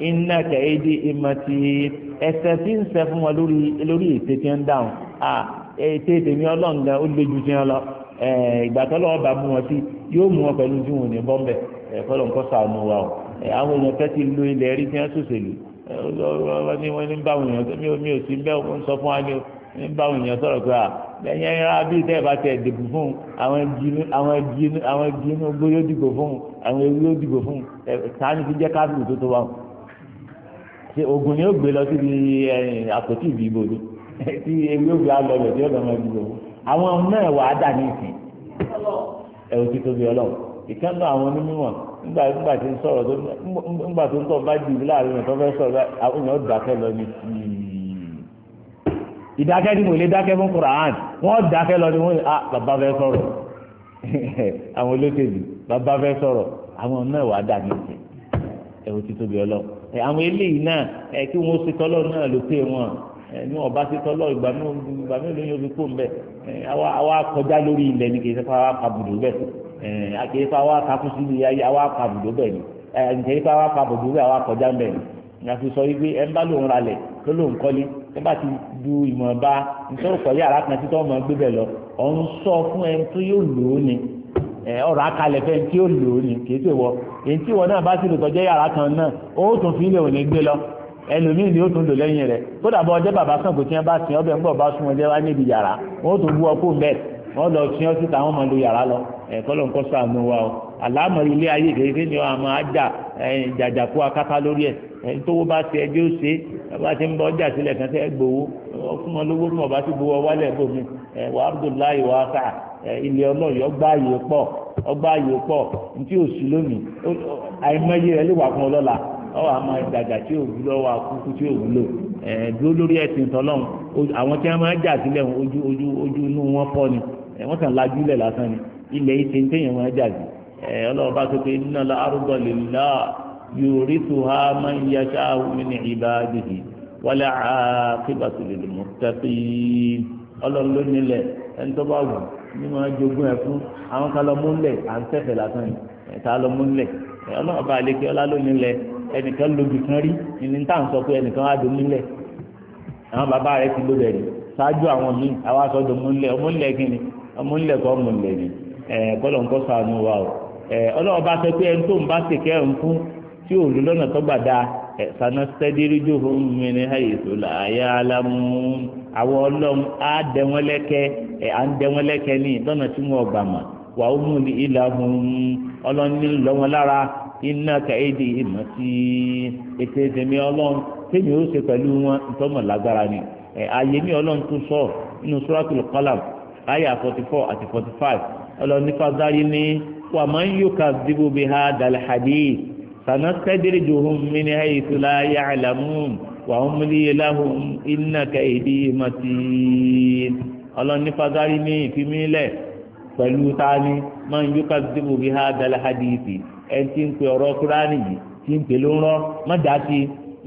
iná kẹ̀hídì ìmọ̀tì ẹsẹ̀ tí ń sẹ́ fún wọn lórí lórí ètè tí ń dáhùn à ètè tèmi ọlọ́ǹgá ó lé ju tí wọn lọ ìgbà tó lọ́wọ́ bá mú wọn sí yóò mú wọn pẹ̀lú tí wọn ò ní bọ́m̀bẹ̀ ẹ̀fọ́lọ́ nǹkan sàánú wa o àwọn èèyàn fẹ́ ti lo ilẹ̀ rí tí wọ́n sòṣèlú wọ́n ní wọ́n ní bá àwọn èèyàn mi ò mi ò sí bẹ́ẹ̀ wọ́n sọ fún wa ní o ní bá àwọn èèyàn sọ̀rọ̀ pé à lẹ́yìn ẹ̀yìn rárá bí ìtẹ́ ìbá tẹ̀ dìbò fún àwọn ẹgbẹ́ yóò dìbò fún àwọn ewé yóò dìbò fún sáà ní ṣe ogun ni ó gbé lọ síbi àpótí ìdìbò ni tí ewé òbí alọlọ tí ọlọmọ ìdìbò àwọn náà wà á dà ní ìsìn ẹ ò ti tóbi ọlọ́run ìkànnà àwọn onímọ̀ nígbà nígbà tí ń sọ̀rọ̀ tó nígbà tó ń tọ̀ bá jù láàrin ìtọ́ fẹ́ sọ̀rọ̀ àwọn èèyàn dákẹ́ lọ ní tìí ìdákẹ́ ni mo lè dákẹ́ fún Quran wọ́n dákẹ́ lọ ní wọ́n ah, à bàbá fẹ́ sọ̀rọ̀ àwọn olóṣèlú bàbá fẹ́ sọ̀rọ̀ àwọn mẹ́wàá dà ní ìsìn ẹ̀wọ̀n ti tóbi ọlọ́run àwọn eléyìí náà ẹ kí wọn ṣe tọlọ náà ló pé wọn ní wọn bá ṣe tọlọ ìgbà ìgbà yóò fi kó bẹ ẹ àwa kọjá lórí ilẹ̀ ní kìí sẹ́fà àwa kàbùdó bẹ̀ ẹ àkìí sẹ́fà àwa kakúsí ni àwa kàbùdó bẹ̀ ni ẹ àwa àwa kọjá ni sọ ọ̀rọ̀ akalẹ̀ fẹ́ tí ó lò ní kìí ṣe wọ èyí tí ìwọ náà bá sì lò tọ́jẹ́ yàrá kan náà ó tún fi ilé òní gbé lọ ẹlòmíì ni ó tún lò lẹ́yìn rẹ̀ kódà bọ́ ọjọ́ bàbá sàn kò tí wọ́n bá sìn ọbẹ̀ ńgbọ̀ bá sún ọjọ́ wá níbi yàrá wọ́n tún bú ọkọ̀ mẹ́ẹ̀ wọ́n lọ sí ọ síta wọ́n máa lo yàrá lọ ẹ̀kọ́ ló ń kọ́ sàánú wa o àlámọ̀ ilé ayé kékeré ni wọ́n máa jà jàjàkú akátá lórí ẹ̀ tówó bá ti ẹjọ́ ṣe bá ti ń bọ́ ọjà sílẹ̀ kan tẹ́ gbowó fún ọ lówó fún bá ti gbowó wálẹ̀ bòmíì Eh, wà abdullahi wà sà eh, ilé ọlọ́yọ̀ ọgbà ààyè pọ̀ ọgbà ààyè pọ̀ ntí òsì lónìí àìmọye fún ọlọ́la ọwọ́ àmọ́ ìdàgà tí ò wúlò ọwọ́ àkúkú tí ò wúlò eh, lórí ẹ̀sìn àwọn tí wọ́n máa ń jà sílẹ̀ ojú ojú ojú inú wọn pọ̀ ni wọ́n kàn lajú lẹ̀ lásán ni ilẹ̀ yìí ti ń jà sí tó pé arúgbó lè tó ha máa ń ní ìbá wọ́lẹ̀ àá lè ọlọ́run ló nílẹ̀ ẹni tó bá wù ní wọn jogún ẹ fún àwọn kan lọ múlẹ̀ à ń tẹ̀fẹ̀ lásán yìí ẹ̀ta lọ múlẹ̀ ọlọ́run bá lè kí ọlá ló nílẹ̀ ẹnìkan lóbi kan rí ní tá à ń sọ pé ẹnìkan wá dùn nílẹ̀ àwọn bàbá rẹ ti ló bẹ̀rẹ̀ ṣáájú àwọn míì àwa sọ dùn múlẹ̀ ọmúlẹ̀ kìnnì ọmúlẹ̀ kọ́ múlẹ̀ ni kọ́lọ̀ ń kọ́ sànù wa o ọlọ́run bá sọ pé ẹni tó ń bá ṣèkẹ́ ń fún tí òòlù sanastadirijuhum min haythu la ya'lamun àwọn ọlọ́run á dẹ wọ́n lẹ́kẹ́ à ń dẹ wọ́n ní ìtọ́nà tí wọ́n gbà mà wà ó mú ní ilà hùn ọlọ́run ní lọ wọn lára iná kàédì ni ààyè ní ọlọ́run tó sọ nínú suratul qalam àyà sanastadrijuhum min haythu la ya'lamun wa umli lahum inna kaydi matin ọlọ́ni fagari ní ìfimílẹ̀ pẹ̀lú tani máa ń yúkà dìbò bí ha dala hadithi ẹni tí ń pè ọ̀rọ̀ kúránì yìí tí ń pè ló ń rọ́ má dá sí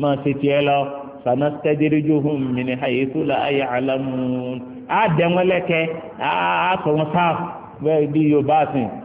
máa ṣe tiẹ̀ lọ sanastadrijuhum min haythu la ya'lamun á dẹ̀ wọ́n kọ̀ wọ́n sáà bẹ́ẹ̀ bí yorùbá sìn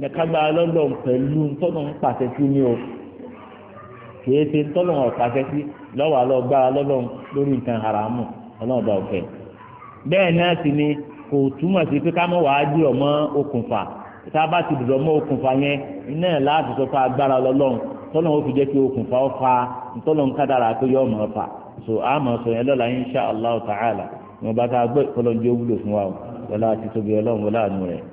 nìkagbà lọ́dọ̀ pẹ̀lú tọ́nà ń pàṣẹ sí ni o kìí ṣe tọ́nà ń pàṣẹ sí lọ́wọ́ àlọ́ gbára lọ́dọ̀ lórí nǹkan haramu ọlọ́run ọ̀fẹ́ bẹ́ẹ̀ náà sì ni kò túmọ̀ sí pé ká mọ̀ wá a bá ti dùdọ̀ mọ́ okùnfà yẹn iná ẹ̀ láti sọ fún agbára lọ́lọ́run tọ́nà ó fi jẹ́ kí okùnfà fa tọ́nà ń kádàrà pé yọ ọmọ so a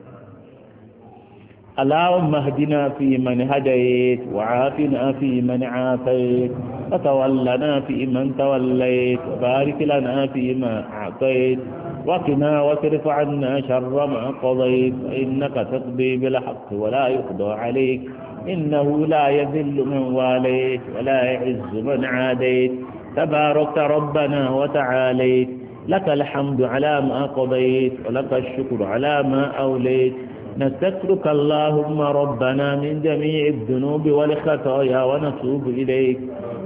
اللهم اهدنا فيمن هديت وعافنا فيمن عافيت وتولنا فيمن توليت وبارك لنا فيما أعطيت وقنا واصرف عنا شر ما قضيت إنك تقضي بالحق ولا يقضى عليك إنه لا يذل من واليت ولا يعز من عاديت تبارك ربنا وتعاليت لك الحمد على ما قضيت ولك الشكر على ما أوليت نستغفرك اللهم ربنا من جميع الذنوب والخطايا ونتوب إليك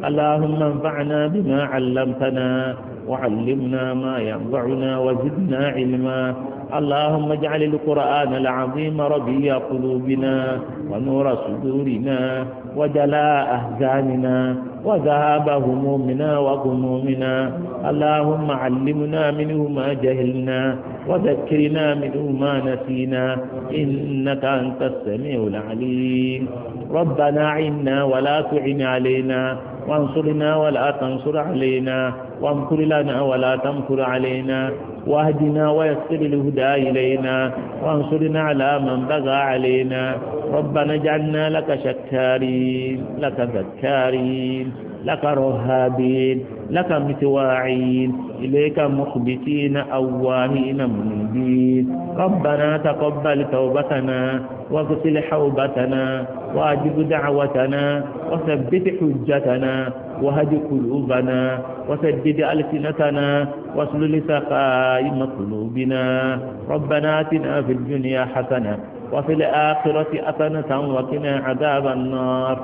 اللهم انفعنا بما علمتنا وعلمنا ما ينفعنا وزدنا علما اللهم اجعل القرآن العظيم ربيع قلوبنا ونور صدورنا وجلاء أحزاننا وذهاب همومنا وغمومنا اللهم علمنا منه ما جهلنا وذكرنا منه ما نسينا إنك أنت السميع العليم ربنا عنا ولا تعن علينا وانصرنا ولا تنصر علينا وامكر لنا ولا تمكر علينا واهدنا ويسر الهدى إلينا وانصرنا على من بغى علينا ربنا اجعلنا لك شكارين لك ذكارين لك رهابين لك متواعين إليك مخبتين أواهين منيبين ربنا تقبل توبتنا واغسل حوبتنا وأجب دعوتنا وثبت حجتنا وهد قلوبنا وسدد ألسنتنا واسلل سقائم قلوبنا ربنا آتنا في الدنيا حسنة وفي الآخرة حسنة وقنا عذاب النار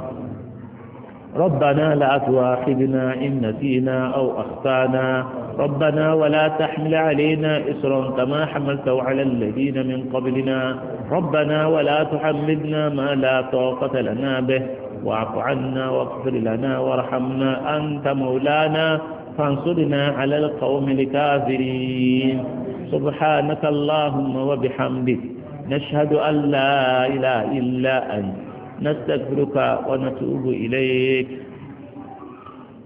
ربنا لا تؤاخذنا إن نسينا أو أخطأنا ربنا ولا تحمل علينا إسرا كما حملته على الذين من قبلنا ربنا ولا تحملنا ما لا طاقة لنا به واعف عنا واغفر لنا وارحمنا أنت مولانا فانصرنا على القوم الكافرين سبحانك اللهم وبحمدك نشهد أن لا إله إلا أنت نستغفرك ونتوب إليك